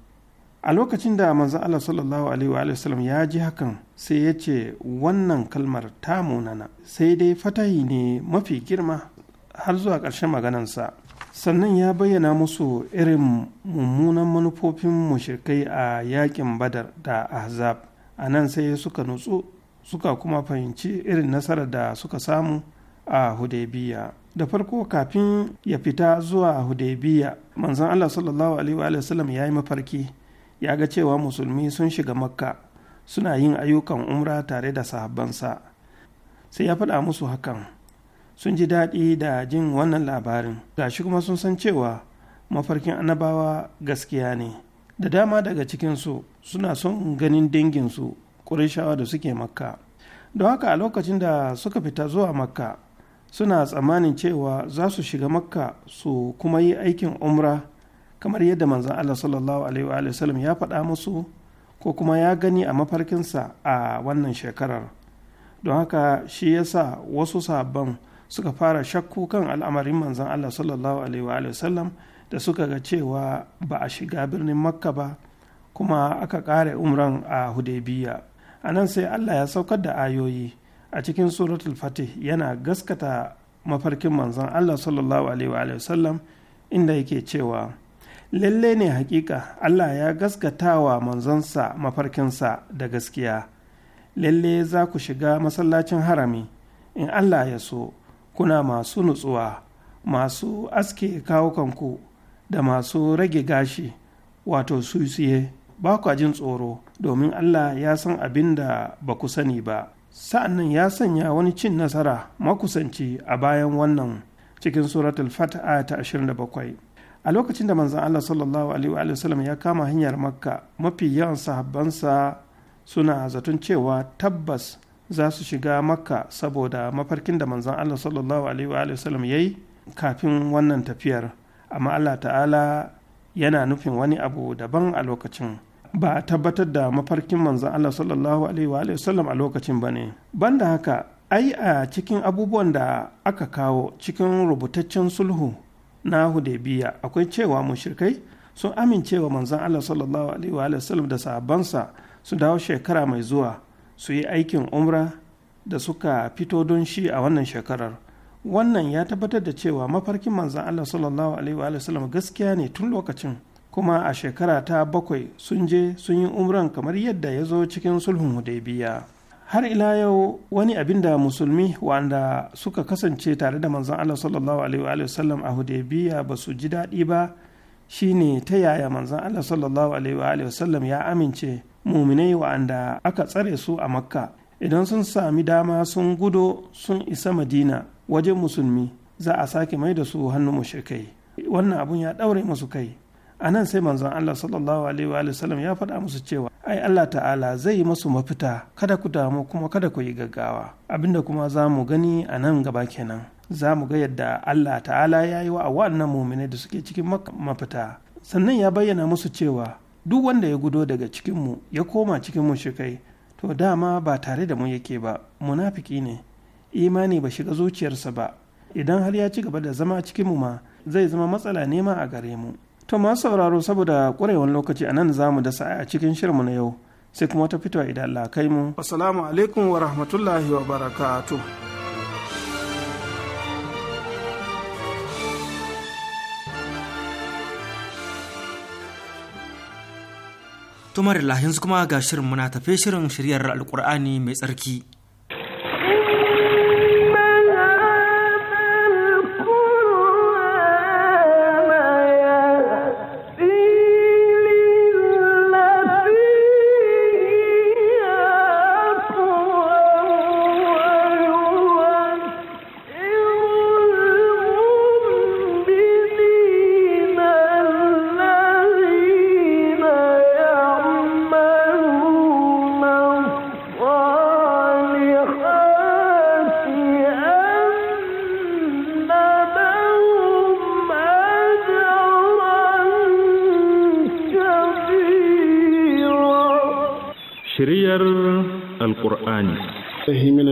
Speaker 10: a lokacin da manzo Allah sallallahu alaihi wa sallam ya ji hakan sai ya ce wannan kalmar ta munana sai dai fatahi ne mafi girma har zuwa ƙarshen maganansa sannan ya bayyana musu irin mummunan manufofin mushrikai a yakin badar da ahzab a nan sai suka nutsu suka kuma fahimci irin nasarar da suka samu a hudaybiya da farko kafin ya fita zuwa hudaybiya manzon Allah sallallahu alaihi wa sallam ya yi mafarki ya ga cewa musulmi sun shiga makka suna yin ayyukan umra tare da sahabbansa sai ya faɗa musu hakan sun ji daɗi da jin wannan labarin Ga shi kuma sun san cewa mafarkin annabawa gaskiya ne da dama daga cikinsu suna son ganin danginsu ƙurishawa da suke makka don haka a lokacin da suka fita zuwa makka suna tsammanin cewa za su shiga makka su kuma yi aikin umra kamar yadda manzon Allah sallallahu alaihi wa sallam ya faɗa musu ko kuma ya gani a mafarkinsa a wannan shekarar don haka shi yasa wasu sabon suka fara shakku kan al'amarin manzon Allah sallallahu alaihi wa sallam da suka ga cewa ba a shiga birnin makka ba kuma aka ƙare umran a hudaybiya a nan sai Allah ya saukar da ayoyi a cikin suratul fatih yana gaskata mafarkin manzon Allah sallallahu alaihi wa sallam inda yake cewa lalle ne hakika Allah ya gaskata wa manzonsa mafarkinsa da gaskiya lalle za ku shiga masallacin harami in Allah ya so kuna masu nutsuwa masu aske kawukanku da masu rage gashi wato siye ba kwa jin tsoro domin Allah ya san abin da ba ku sani ba sa'annan ya sanya wani cin nasara makusanci a bayan wannan cikin suratul fata'a ta 27 a lokacin da manzan Allah sallallahu alaihi wa sallam ya kama hanyar makka mafi yawan sahabbansa suna zaton cewa tabbas za su shiga makka saboda mafarkin da manzan Allah sallallahu alaihi wa sallam ya yi kafin wannan tafiyar amma Allah ta'ala yana nufin wani abu daban a lokacin ba a tabbatar da mafarkin manzan Allah sallallahu alaihi wa sallam a lokacin ba ne banda haka ai a cikin abubuwan da aka kawo cikin rubutaccen sulhu na hudebiya akwai cewa mushrikai sun amincewa manzon Allah sallallahu alaihi wa sallam da sabansa su dawo shekara mai zuwa su yi aikin umra da suka fito don shi a wannan shekarar wannan ya tabbatar da cewa mafarkin manzon Allah sallallahu alaihi wa sallam gaskiya ne tun lokacin kuma a shekara ta bakwai sun je sun yi umran kamar yadda ya zo cikin sulhun hudaibiya har ila yau wani abin da musulmi wanda suka kasance tare da manzon Allah sallallahu alaihi sallam a Hudaybiya ba su ji daɗi ba shine ta yaya manzon Allah sallallahu alaihi sallam ya amince muminai wa'anda aka tsare su a makka idan sun sami dama sun gudo sun isa madina wajen musulmi za a sake mai da su hannun mushrikai wannan abun ya ɗaure masu kai a nan sai manzon Allah sallallahu alaihi wa sallam ya faɗa musu cewa ai Allah ta'ala zai yi masu mafita kada ku damu kuma kada ku yi gaggawa abinda kuma za mu gani a nan gaba kenan za mu ga yadda Allah ta'ala ya yi wa wannan muminai da suke cikin mafita sannan ya bayyana musu cewa duk wanda ya gudo daga cikin mu ya koma cikin mu shikai to dama ba tare da mu yake ba munafiki ne imani ba shiga zuciyarsa ba idan har ya ci gaba da zama cikin mu ma zai zama matsala nema a gare mu To masu sauraro saboda ƙwarewan lokaci a nan za mu dasa a cikin shirinmu na yau sai kuma ta fitowa idan Allah kai mu. Assalamu alaikum wa rahmatullahi wa barakatu.
Speaker 1: Tumar yanzu kuma ga shirin muna tafe shirin shiryar Alƙur'ani mai tsarki.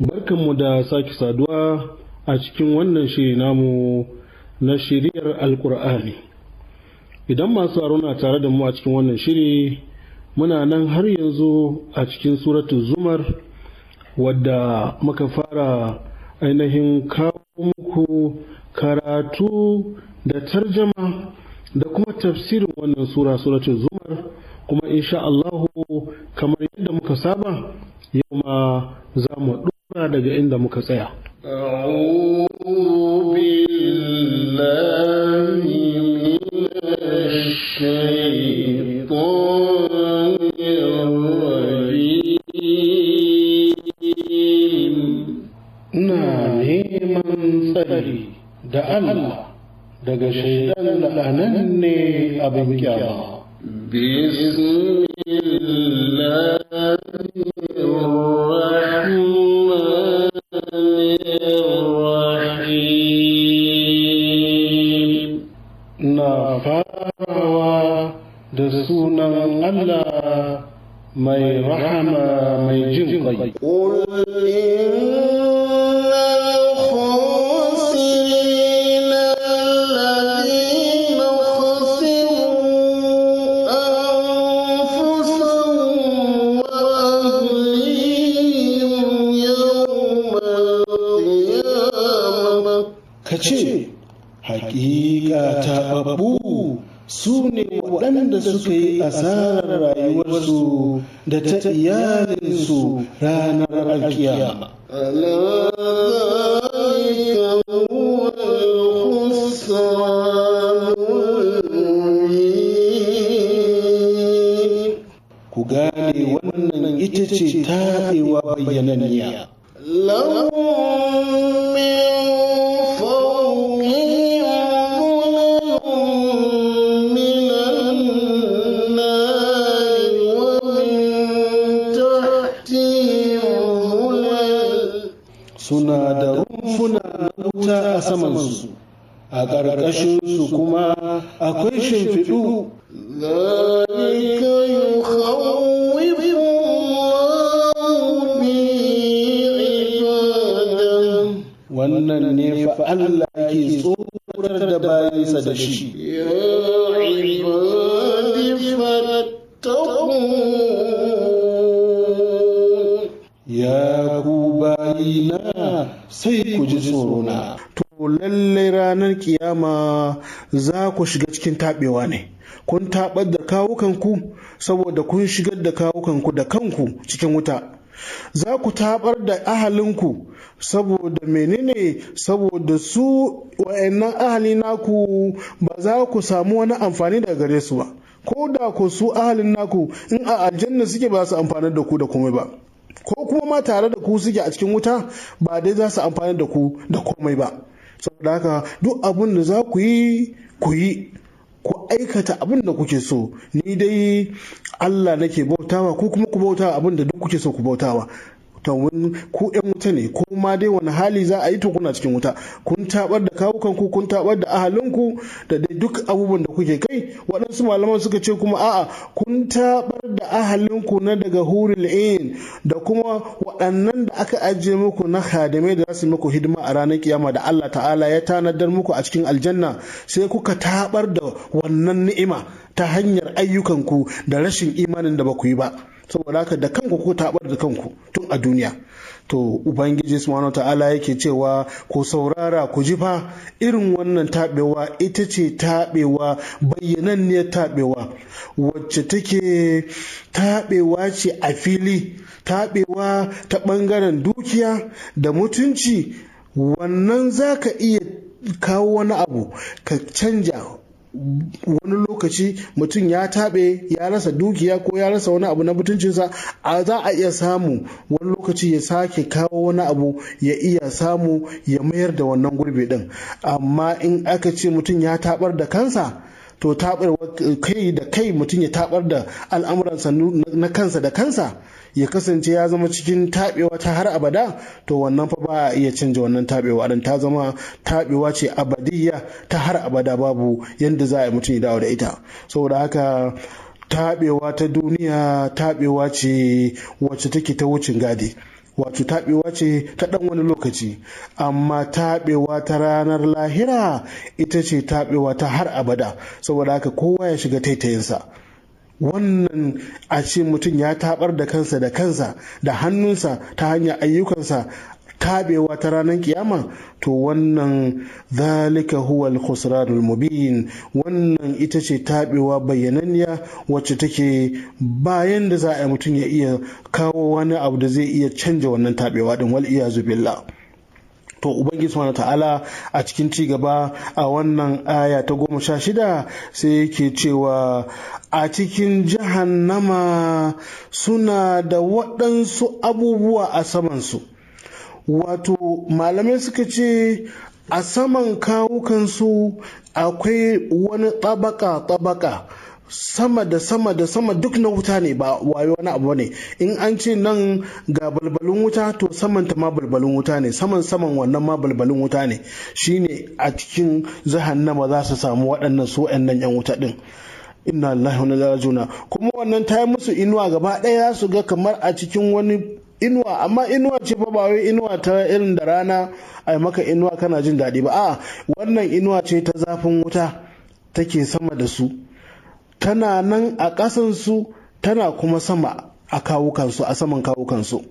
Speaker 11: Barkanmu da sake saduwa a cikin wannan shiri namu na shiriyar Alkur'ani. Idan masu na tare da mu a cikin wannan shiri muna nan har yanzu a cikin suratu zumar wadda muka fara ainihin kawo muku karatu da tarjama da kuma tafsirin wannan sura suratun zumar kuma insha Allahu kamar yadda muka saba yau ma za mu daga inda muka tsaya. sun shimfiɗu
Speaker 12: wannan ne fa Allah ke tsorar da bayansa da shi sai ku ji tsorona to lallai ranar kiyama za ku shiga cikin taɓewa ne kun taɓar da kawukanku saboda kun shigar da kawukanku da kanku cikin wuta za ku taɓar da ahalinku saboda menene saboda su wa'annan ahali naku ba za ku samu wani amfani daga gare su ba ko da ku su ahalin naku in a aljanna suke ba su amfani da ku da komai ba ko kuma ma tare da ku suke a cikin wuta ba dai za su amfani da ku da komai ba saboda haka duk abin da za ku yi ku yi ku aikata abin da kuke so ni dai Allah nake bautawa ko kuma ku bautawa abin da duk kuke so ku bautawa to ku yan wuta ne ko ma dai wani hali za a yi tukuna kuna cikin wuta kun tabar da kawukan ku kun tabar da ahalinku da dai duk abubuwan da kuke kai waɗansu malaman suka ce kuma a'a kun tabar da ahalinku na daga huril in da kuma waɗannan da aka ajiye muku na khadimai da za su muku hidima a ranar kiyama da Allah ta'ala ya tanadar muku a cikin aljanna sai kuka tabar da wannan ni'ima ta hanyar ayyukanku da rashin imanin da ba ku yi ba saboda haka da kanku ko taɓar da kanku tun a duniya to ubangiji subhanahu ta'ala yake cewa ko saurara ku ji fa irin wannan taɓewa ita ce taɓewa bayyananniyar taɓewa wacce take taɓewa ce a fili taɓewa ta ɓangaren dukiya da mutunci wannan za ka iya kawo wani abu ka canja wani lokaci mutum ya taɓe ya rasa dukiya ko ya rasa wani abu na mutuncinsa a za a iya samu wani lokaci ya sake kawo wani abu ya iya samu ya mayar da wannan gurbi din amma in aka ce mutum ya taɓar da kansa to taɓar kai da kai mutum ya taɓar da al'amuransa na kansa da kansa ya kasance ya zama cikin taɓewa ta har abada to wannan fa ba a iya canja wannan taɓewa dan ta zama taɓewa ce abadiyya ta har abada babu yadda za a yi mutum ya dawo da ita saboda haka taɓewa ta duniya taɓewa ce wacce take ta wucin gadi wato taɓewa ce ta ɗan wani lokaci amma taɓewa ta ranar lahira ita ce taɓewa ta har abada saboda haka kowa ya shiga taitayinsa wannan a ce mutum ya tabar da kansa da kansa da hannunsa ta hanyar ayyukansa tabewa ta ranar kiyama to wannan zalika huwal khusranul mubin wannan ita ce tabewa bayyananniya wacce take bayan da za a yi mutum ya iya kawo wani abu da zai iya canja wannan tabewa din wal iyazu billah to ubangiji subhanahu ta'ala a cikin ci gaba a wannan aya ta goma sha shida sai yake cewa a cikin jahannama suna da waɗansu abubuwa a samansu wato malamai suka ce a saman kawukansu akwai wani tsabaka-tsabaka sama da sama da sama duk na wuta ne ba wayo wani abu ne in an ce nan ga balbalin wuta to saman ta ma balbalin wuta ne saman saman wannan ma balbalin wuta ne shine a cikin jahannama za su samu waɗannan su waɗannan yan wuta din inna lillahi wa inna juna kuma wannan ta yi musu inuwa gaba ɗaya za su ga kamar a cikin wani inuwa amma inuwa ce fa ba wai inuwa ta irin da rana ai maka inuwa kana jin daɗi ba a wannan inuwa ce ta zafin wuta take sama da su tana nan a ƙasansu tana kuma sama a kawukansu a saman kawukansu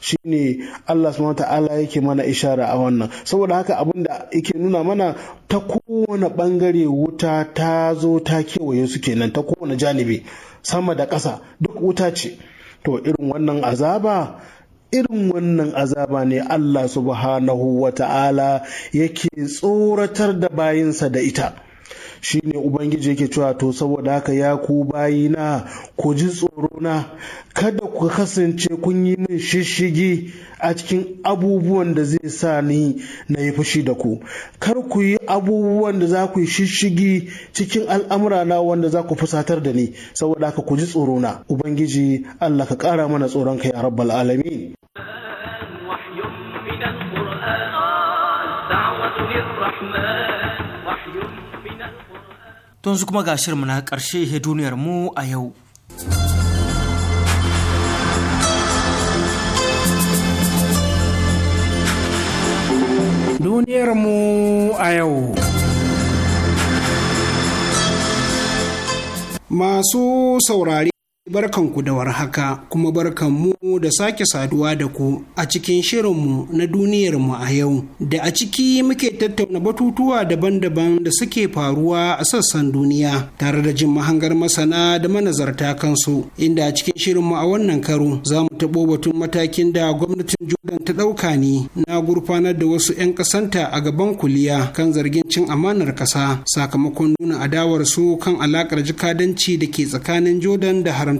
Speaker 12: Shi ne Allah subhanahu ta'ala yake mana ishara a wannan saboda haka abinda yake nuna mana ta kowane bangare wuta ta zo ta kewaye su kenan ta kowane janibi sama da ƙasa duk wuta ce to irin wannan azaba irin wannan azaba ne Allah subhanahu wa ta'ala yake tsoratar da bayinsa da ita shine ubangiji yake cewa to saboda haka ya ku bayina ku ji tsoro na kada ku kasance kun yi min shishigi a cikin abubuwan da zai sa ni na yi fushi da ku kar ku yi abubuwan da za ku yi shishigi cikin al'amura na wanda za ku fusatar da ni saboda haka ku ji tsoro na ubangiji Allah ka ƙara mana tsoron kai a rabbal alamin
Speaker 1: Tun su kuma ga shirmu na ƙarshe duniyar mu a yau.
Speaker 2: Duniyar mu a yau. Masu saurari Barkanku da warhaka kuma mu da sake saduwa da ku a cikin shirinmu na duniyarmu a yau da a ciki muke tattauna batutuwa daban-daban da suke faruwa a sassan duniya tare da jin mahangar masana da manazarta kansu inda a cikin shirinmu a wannan karo za mu taɓo batun matakin da gwamnatin Jordan ta ɗauka ne na gurfanar da wasu 'yan ƙasanta a gaban kuliya kan zargin cin amanar ƙasa sakamakon nuna su kan alaƙar jikadanci da ke tsakanin Jordan da haramta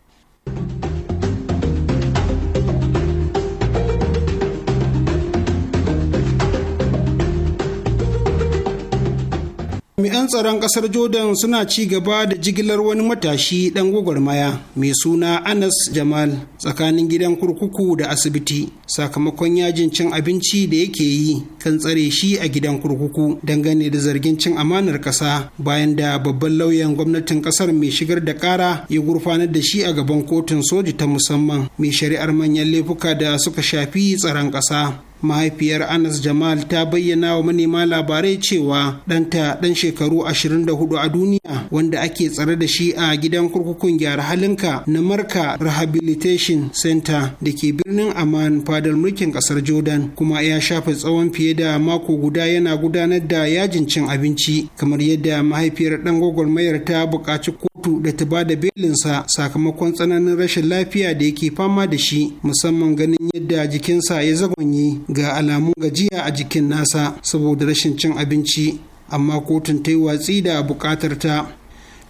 Speaker 2: Jami'an tsaron ƙasar Jordan suna ci gaba da jigilar wani matashi ɗan gwagwarmaya mai suna Anas Jamal tsakanin gidan kurkuku da asibiti sakamakon yajin cin abinci da yake yi kan tsare shi a gidan kurkuku dangane da zargin cin amanar ƙasa bayan da babban lauyan gwamnatin ƙasar mai shigar da ƙara ya gurfanar da shi a gaban kotun soji ta musamman mai shari'ar manyan laifuka da suka shafi tsaron ƙasa. mahaifiyar anas jamal ta bayyana wa manema labarai cewa ɗanta ɗan shekaru 24 a duniya wanda ake tsare da shi a gidan kurkukun gyara halinka na marka rehabilitation center da ke birnin amman fadar mulkin ƙasar jordan kuma ya shafe tsawon fiye da mako guda yana gudanar da yajin cin abinci kamar yadda mahaifiyar ɗan gwagwarmayar ta buƙaci kotu da ta bada belinsa sakamakon tsananin rashin lafiya da yake fama da shi musamman ganin yadda jikinsa ya zagonye ga alamun gajiya a jikin nasa saboda rashin cin abinci amma kotun ta yi watsi da buƙatar ta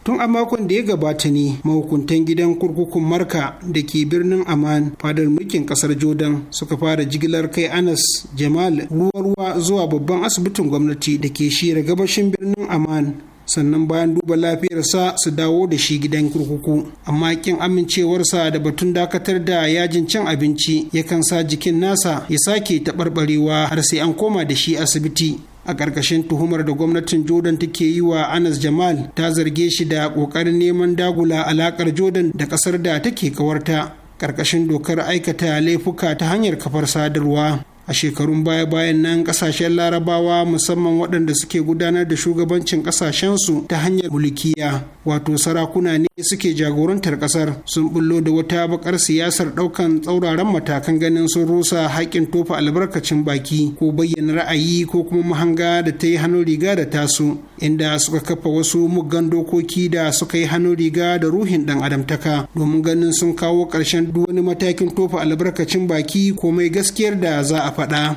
Speaker 2: tun a makon da ya gabata ne mahukuntan gidan kurkukun marka da ke birnin aman fadar mulkin kasar jordan suka fara jigilar kai anas jamal ruwa-ruwa zuwa babban asibitin gwamnati da ke shira gabashin birnin aman sannan bayan duba lafiyarsa su dawo da shi gidan kurkuku amma kin amincewarsa da batun dakatar da yajin cin abinci yakan sa jikin nasa ya sake taɓarɓarewa har sai an koma da shi asibiti a ƙarƙashin tuhumar da gwamnatin jordan take yi wa anas jamal ta zarge shi da ƙoƙarin neman dagula alaƙar jordan da ƙasar da take kawarta ƙarƙashin dokar aikata laifuka ta hanyar kafar sadarwa a shekarun baya-bayan nan kasashen larabawa musamman waɗanda suke gudanar da shugabancin kasashensu ta hanyar mulkiya wato sarakuna ne suke jagorantar ƙasar sun bullo da wata bakar siyasar ɗaukan tsauraran matakan ganin sun rusa haƙƙin tofa albarkacin baki ko bayyana ra'ayi ko kuma mahanga da ta yi hannun riga da tasu inda suka kafa wasu muggan dokoki da suka yi hannun riga da ruhin ɗan adamtaka domin ganin sun kawo ƙarshen duk wani matakin tofa albarkacin baki ko mai gaskiyar da za a faɗa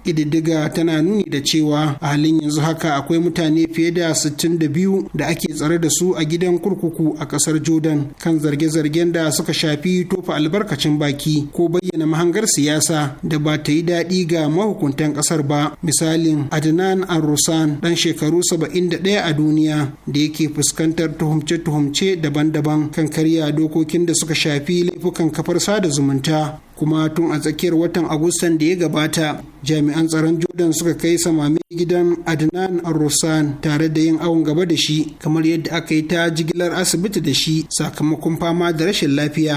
Speaker 2: ƙididdiga tana nuni da cewa a halin yanzu haka akwai mutane fiye da sittin da biyu da ake tsare da su a gidan kurkuku a ƙasar jordan kan zarge-zargen da suka shafi tofa albarkacin baki ko bayyana mahangar siyasa da ba ta yi daɗi ga mahukuntan ƙasar ba misalin adnan arusan ɗan shekaru saba'in da ɗaya a duniya da yake fuskantar tuhumce-tuhumce daban-daban kan karya dokokin da suka shafi laifukan kafar sada zumunta kuma tun a tsakiyar watan agustan da ya gabata jami'an tsaron jordan suka kai samami gidan adnan arusan tare da yin awon gaba da shi kamar yadda aka yi ta jigilar asibiti da shi sakamakon fama da rashin lafiya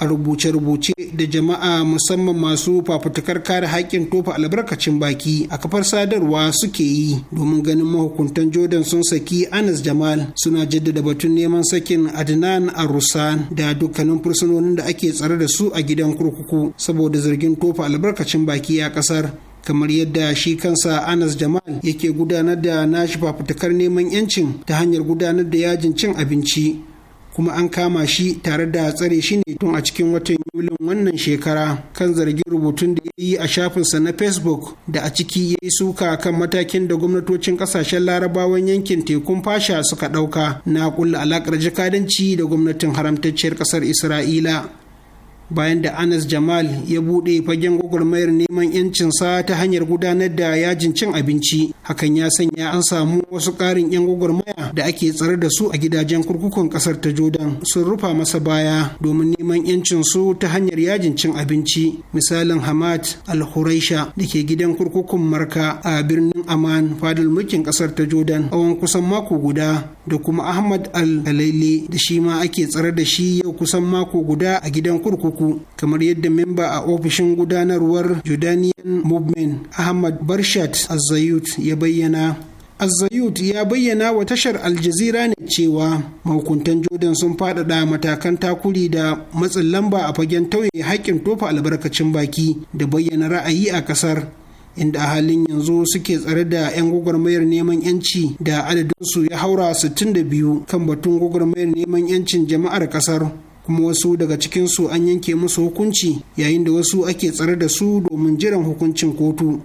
Speaker 2: a rubuce-rubuce da jama'a musamman masu fafutukar kare haƙƙin tofa albarkacin baki a kafar sadarwa suke yi domin ganin mahukuntan jordan sun saki anas jamal suna jaddada batun neman sakin adnan arusan da dukkanin fursunonin da ake tsare da su a gidan kurkuku saboda zargin tofa albarkacin baki a ƙasar kamar yadda shi kansa Anas Jamal yake gudanar da nashi fafutukar neman yancin ta hanyar gudanar da yajin cin abinci kuma an kama shi tare da tsare shi ne tun a cikin watan yulin wannan shekara kan zargin rubutun da ya yi a shafinsa na facebook da a ciki ya yi suka kan matakin da gwamnatocin kasashen larabawan yankin tekun fasha suka ɗauka na kulla alakar jakadanci da gwamnatin haramtacciyar ƙasar isra'ila bayan da anas jamal ya buɗe fagen gwagwarmayar neman yancinsa ta hanyar gudanar da yajin cin abinci hakan ya sanya an samu wasu ƙarin 'yan gwagwarmaya da ake tsare da su a gidajen kurkukun ƙasar ta jordan sun rufa masa baya domin neman yancinsu ta hanyar yajin cin abinci misalin hamad al huraisha da ke gidan kurkukun marka a birnin aman fadil mulkin ƙasar ta jordan awon kusan mako guda da kuma ahmad al da shi ma ake tsare da shi yau kusan mako guda a gidan kurkuku uku kamar yadda memba a ofishin gudanarwar jordanian movement ahmad barshat azzayut ya bayyana Azayut ya bayyana wa tashar Aljazira ne cewa mahukuntan Jordan sun faɗaɗa matakan takuri da matsin lamba a fagen tauye haƙƙin tofa albarkacin baki da bayyana ra'ayi a ƙasar. Inda a halin yanzu suke tsare da 'yan gwagwarmayar neman 'yanci da adadinsu ya haura 62 kan batun gwagwarmayar neman 'yancin jama'ar ƙasar. kuma wasu daga cikinsu an yanke musu hukunci yayin da wasu ake tsare da su domin jiran hukuncin kotu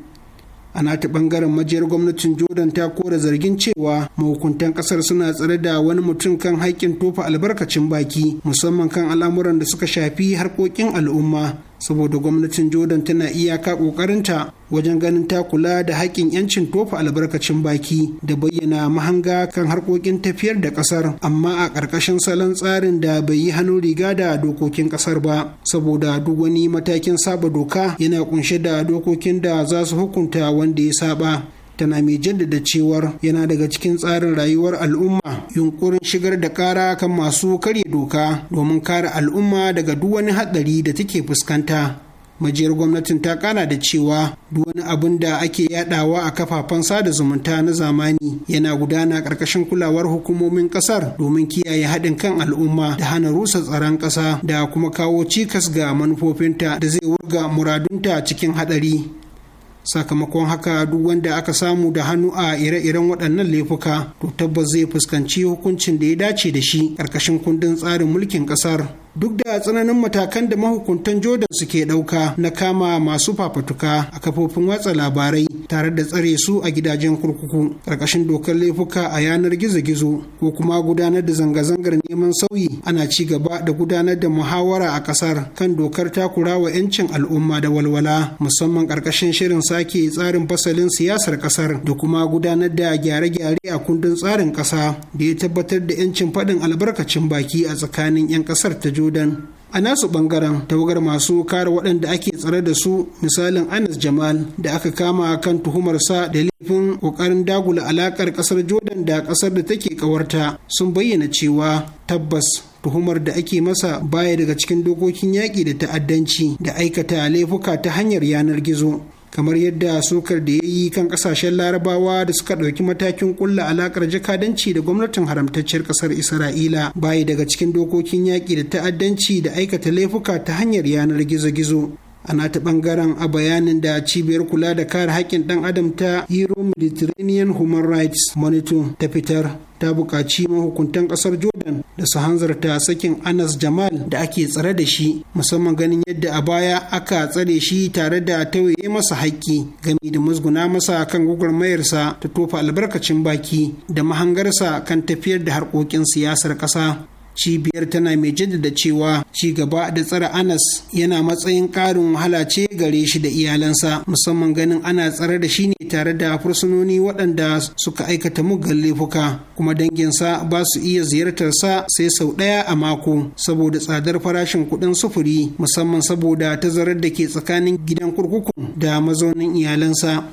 Speaker 2: a nata bangaren majiyar gwamnatin jordan ta kora zargin cewa mahukuntan kasar suna tsare da wani mutum kan haƙƙin tofa albarkacin baki musamman kan al'amuran da suka shafi harkokin al'umma saboda gwamnatin jordan tana iyaka kokarinta wajen ganin ta kula da haƙƙin 'yancin tofa albarkacin baki da bayyana mahanga kan harkokin tafiyar da ƙasar amma a ƙarƙashin salon tsarin da bai yi hannun riga da dokokin ƙasar ba saboda duk wani matakin saba doka yana kunshe da dokokin da za su hukunta wanda ya saba tana mai jaddada cewar yana daga cikin tsarin rayuwar al'umma yunkurin shigar da kara kan masu karya doka domin kare al'umma daga duk wani hatsari da take fuskanta majiyar gwamnatin ta kana da cewa duk wani abin da ake yadawa a kafafen sada zumunta na zamani yana gudana ƙarƙashin kulawar hukumomin ƙasar domin kiyaye haɗin kan al'umma da hana rusa tsaron ƙasa da kuma kawo cikas ga manufofinta da zai wurga muradunta cikin haɗari sakamakon haka duk wanda aka samu da hannu a ire-iren waɗannan laifuka to tabbas zai fuskanci hukuncin da ya dace da shi ƙarƙashin kundin tsarin mulkin ƙasar duk da tsananin matakan da mahukuntan jordan suke ɗauka na kama masu fafatuka a kafofin watsa labarai tare da tsare su a gidajen kurkuku ƙarƙashin dokar laifuka a yanar gizo-gizo ko kuma gudanar da zanga-zangar neman sauyi ana ci gaba da gudanar da muhawara a ƙasar kan dokar takura wa 'yancin al'umma da walwala musamman ƙarƙashin shirin sake tsarin fasalin siyasar ƙasar da kuma gudanar da gyare-gyare a kundin tsarin ƙasa da ya tabbatar da 'yancin faɗin albarkacin baki a tsakanin 'yan ƙasar ta jordan jordan a nasu bangaren tawagar masu kare waɗanda ake tsare da su misalin anas jamal da aka kama kan tuhumarsa da laifin ƙoƙarin dagula alaƙar ƙasar jordan da ƙasar da take ƙawarta sun bayyana cewa tabbas tuhumar da ake masa baya daga cikin dokokin yaƙi da ta'addanci da aikata laifuka ta hanyar yanar gizo kamar yadda sukar da ya yi kan kasashen larabawa da suka ɗauki matakin kulla alakar jakadanci da gwamnatin haramtacciyar ƙasar isra'ila bayi daga cikin dokokin yaƙi da ta'addanci da aikata laifuka ta hanyar yanar gizo-gizo ana ta bangaren a bayanin da cibiyar kula da kare haƙƙin ɗan adam ta euro mediterranean human rights monitor ta fitar ta buƙaci mahukuntan ƙasar jordan da su hanzarta sakin anas jamal da ake tsare da shi musamman ganin yadda a baya aka tsare shi tare da tauye masa haƙƙi game da musguna masa kan gwagwarmayarsa ta tofa albarkacin baki da mahangarsa kan tafiyar da harkokin siyasar ƙasa cibiyar tana mai jaddada cewa ci gaba da tsare anas yana matsayin ƙarin wahala ce gare shi da iyalansa musamman ganin ana tsare da shi ne tare da fursunoni waɗanda suka aikata muggan laifuka kuma danginsa ba su iya ziyartarsa sai sau ɗaya a mako saboda tsadar farashin kuɗin sufuri musamman saboda tazarar da ke tsakanin gidan kurkukun da mazaunin iyalansa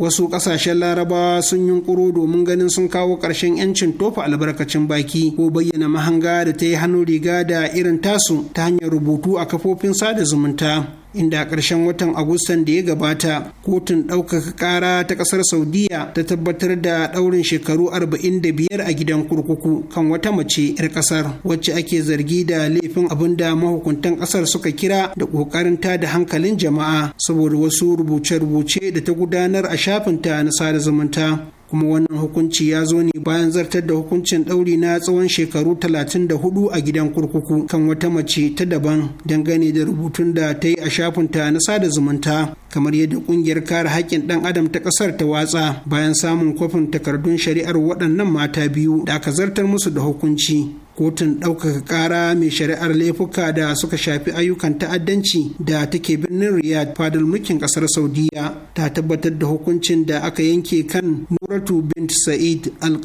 Speaker 2: wasu kasashen larabawa sun yunkuro domin ganin sun kawo ƙarshen 'yancin tofa albarkacin baki ko bayyana mahanga da ta yi hannu riga da irin tasu ta hanyar rubutu a kafofin sada zumunta inda a ƙarshen watan agustan da ya gabata kotun ɗaukaka ƙara ta ƙasar saudiya ta tabbatar da ɗaurin shekaru 45 a gidan kurkuku kan wata mace 'yar ƙasar wacce ake zargi da laifin abin da mahukuntan ƙasar suka kira da ƙoƙarin ta da hankalin jama'a saboda wasu rubuce-rubuce da ta gudanar a shafinta na sada zumunta kuma wannan hukunci ya zo ne bayan zartar da hukuncin ɗauri na tsawon shekaru 34 a gidan kurkuku kan wata mace ta daban dangane da rubutun da ta yi a shafinta na sada zumunta kamar yadda kungiyar kare haƙƙin ɗan adam ta ƙasar ta watsa bayan samun kwafin takardun shari'ar waɗannan mata biyu da aka zartar musu da hukunci kotun ɗaukaka ƙara mai shari'ar laifuka da suka shafi ayyukan ta'addanci da take birnin riyadh fadar mulkin ƙasar saudiya ta tabbatar da hukuncin da aka yanke kan Nuratu bint Sa'id al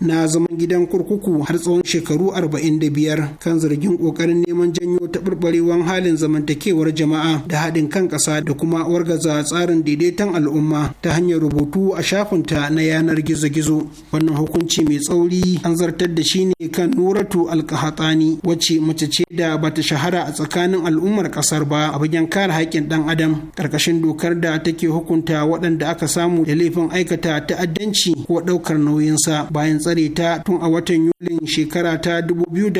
Speaker 2: na zaman gidan kurkuku har tsawon shekaru 45 kan zargin kokarin neman janyo taɓarɓarewar halin zamantakewar jama'a da haɗin kan ƙasa da kuma wargaza tsarin daidaiton al'umma ta hanyar rubutu a shafinta na yanar gizo-gizo. Wannan hukunci mai tsauri an zartar da shi ne kan Nuratu Al-Qahtani wacce mace ce da bata shahara a tsakanin al'ummar ƙasar ba a bayan kare haƙƙin ɗan adam ƙarƙashin dokar da take hukunta waɗanda aka samu da laifin aikata ta'addanci ko ɗaukar nauyinsa bayan tsare ta tun a watan Yulin shekara ta 2021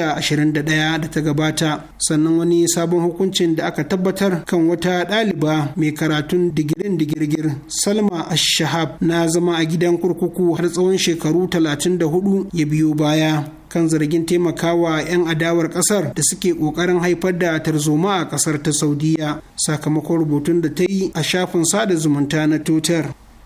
Speaker 2: da ta gabata. Sannan wani sabon hukuncin da aka tabbatar kan wata ɗaliba mai karatun digirin digirgir Salma ashahab na zama a gidan kurkuku har tsawon shekaru 34 ya biyo baya. kan zargin taimakawa 'yan adawar kasar da suke kokarin haifar da tarzoma a kasar ta saudiya sakamakon rubutun da ta yi a shafin sada zumunta na twitter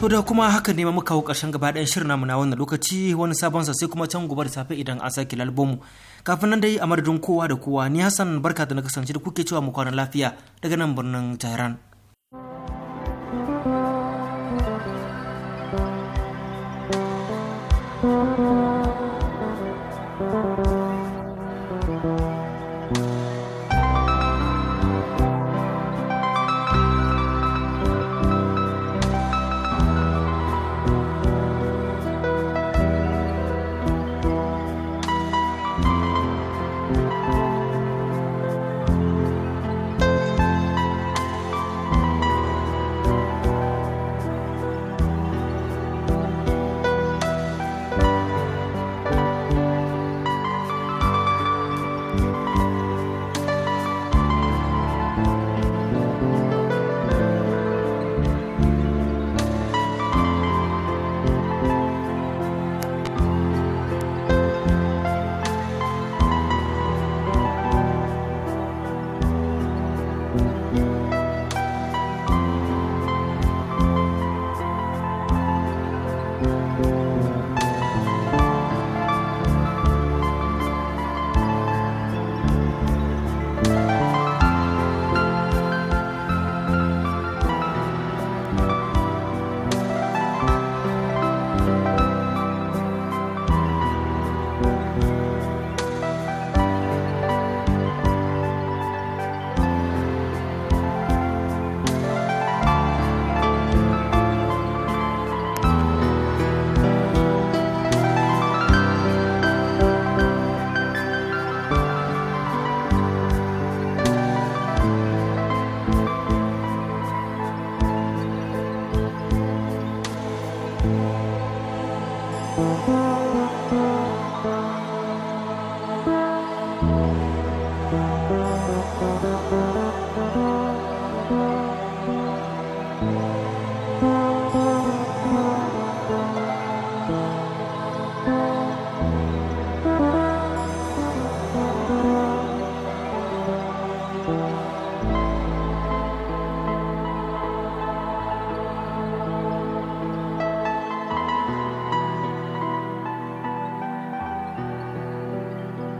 Speaker 1: To da kuma haka ne muka hau ƙarshen gaba ɗayan shirin namu na wannan lokaci wani sabon sa sai kuma can gobe da safe idan an sake lalbomu. Kafin nan dai a madadin kowa da kowa ni Hassan barka da na kasance da kuke cewa mu kwana lafiya daga nan birnin Tehran.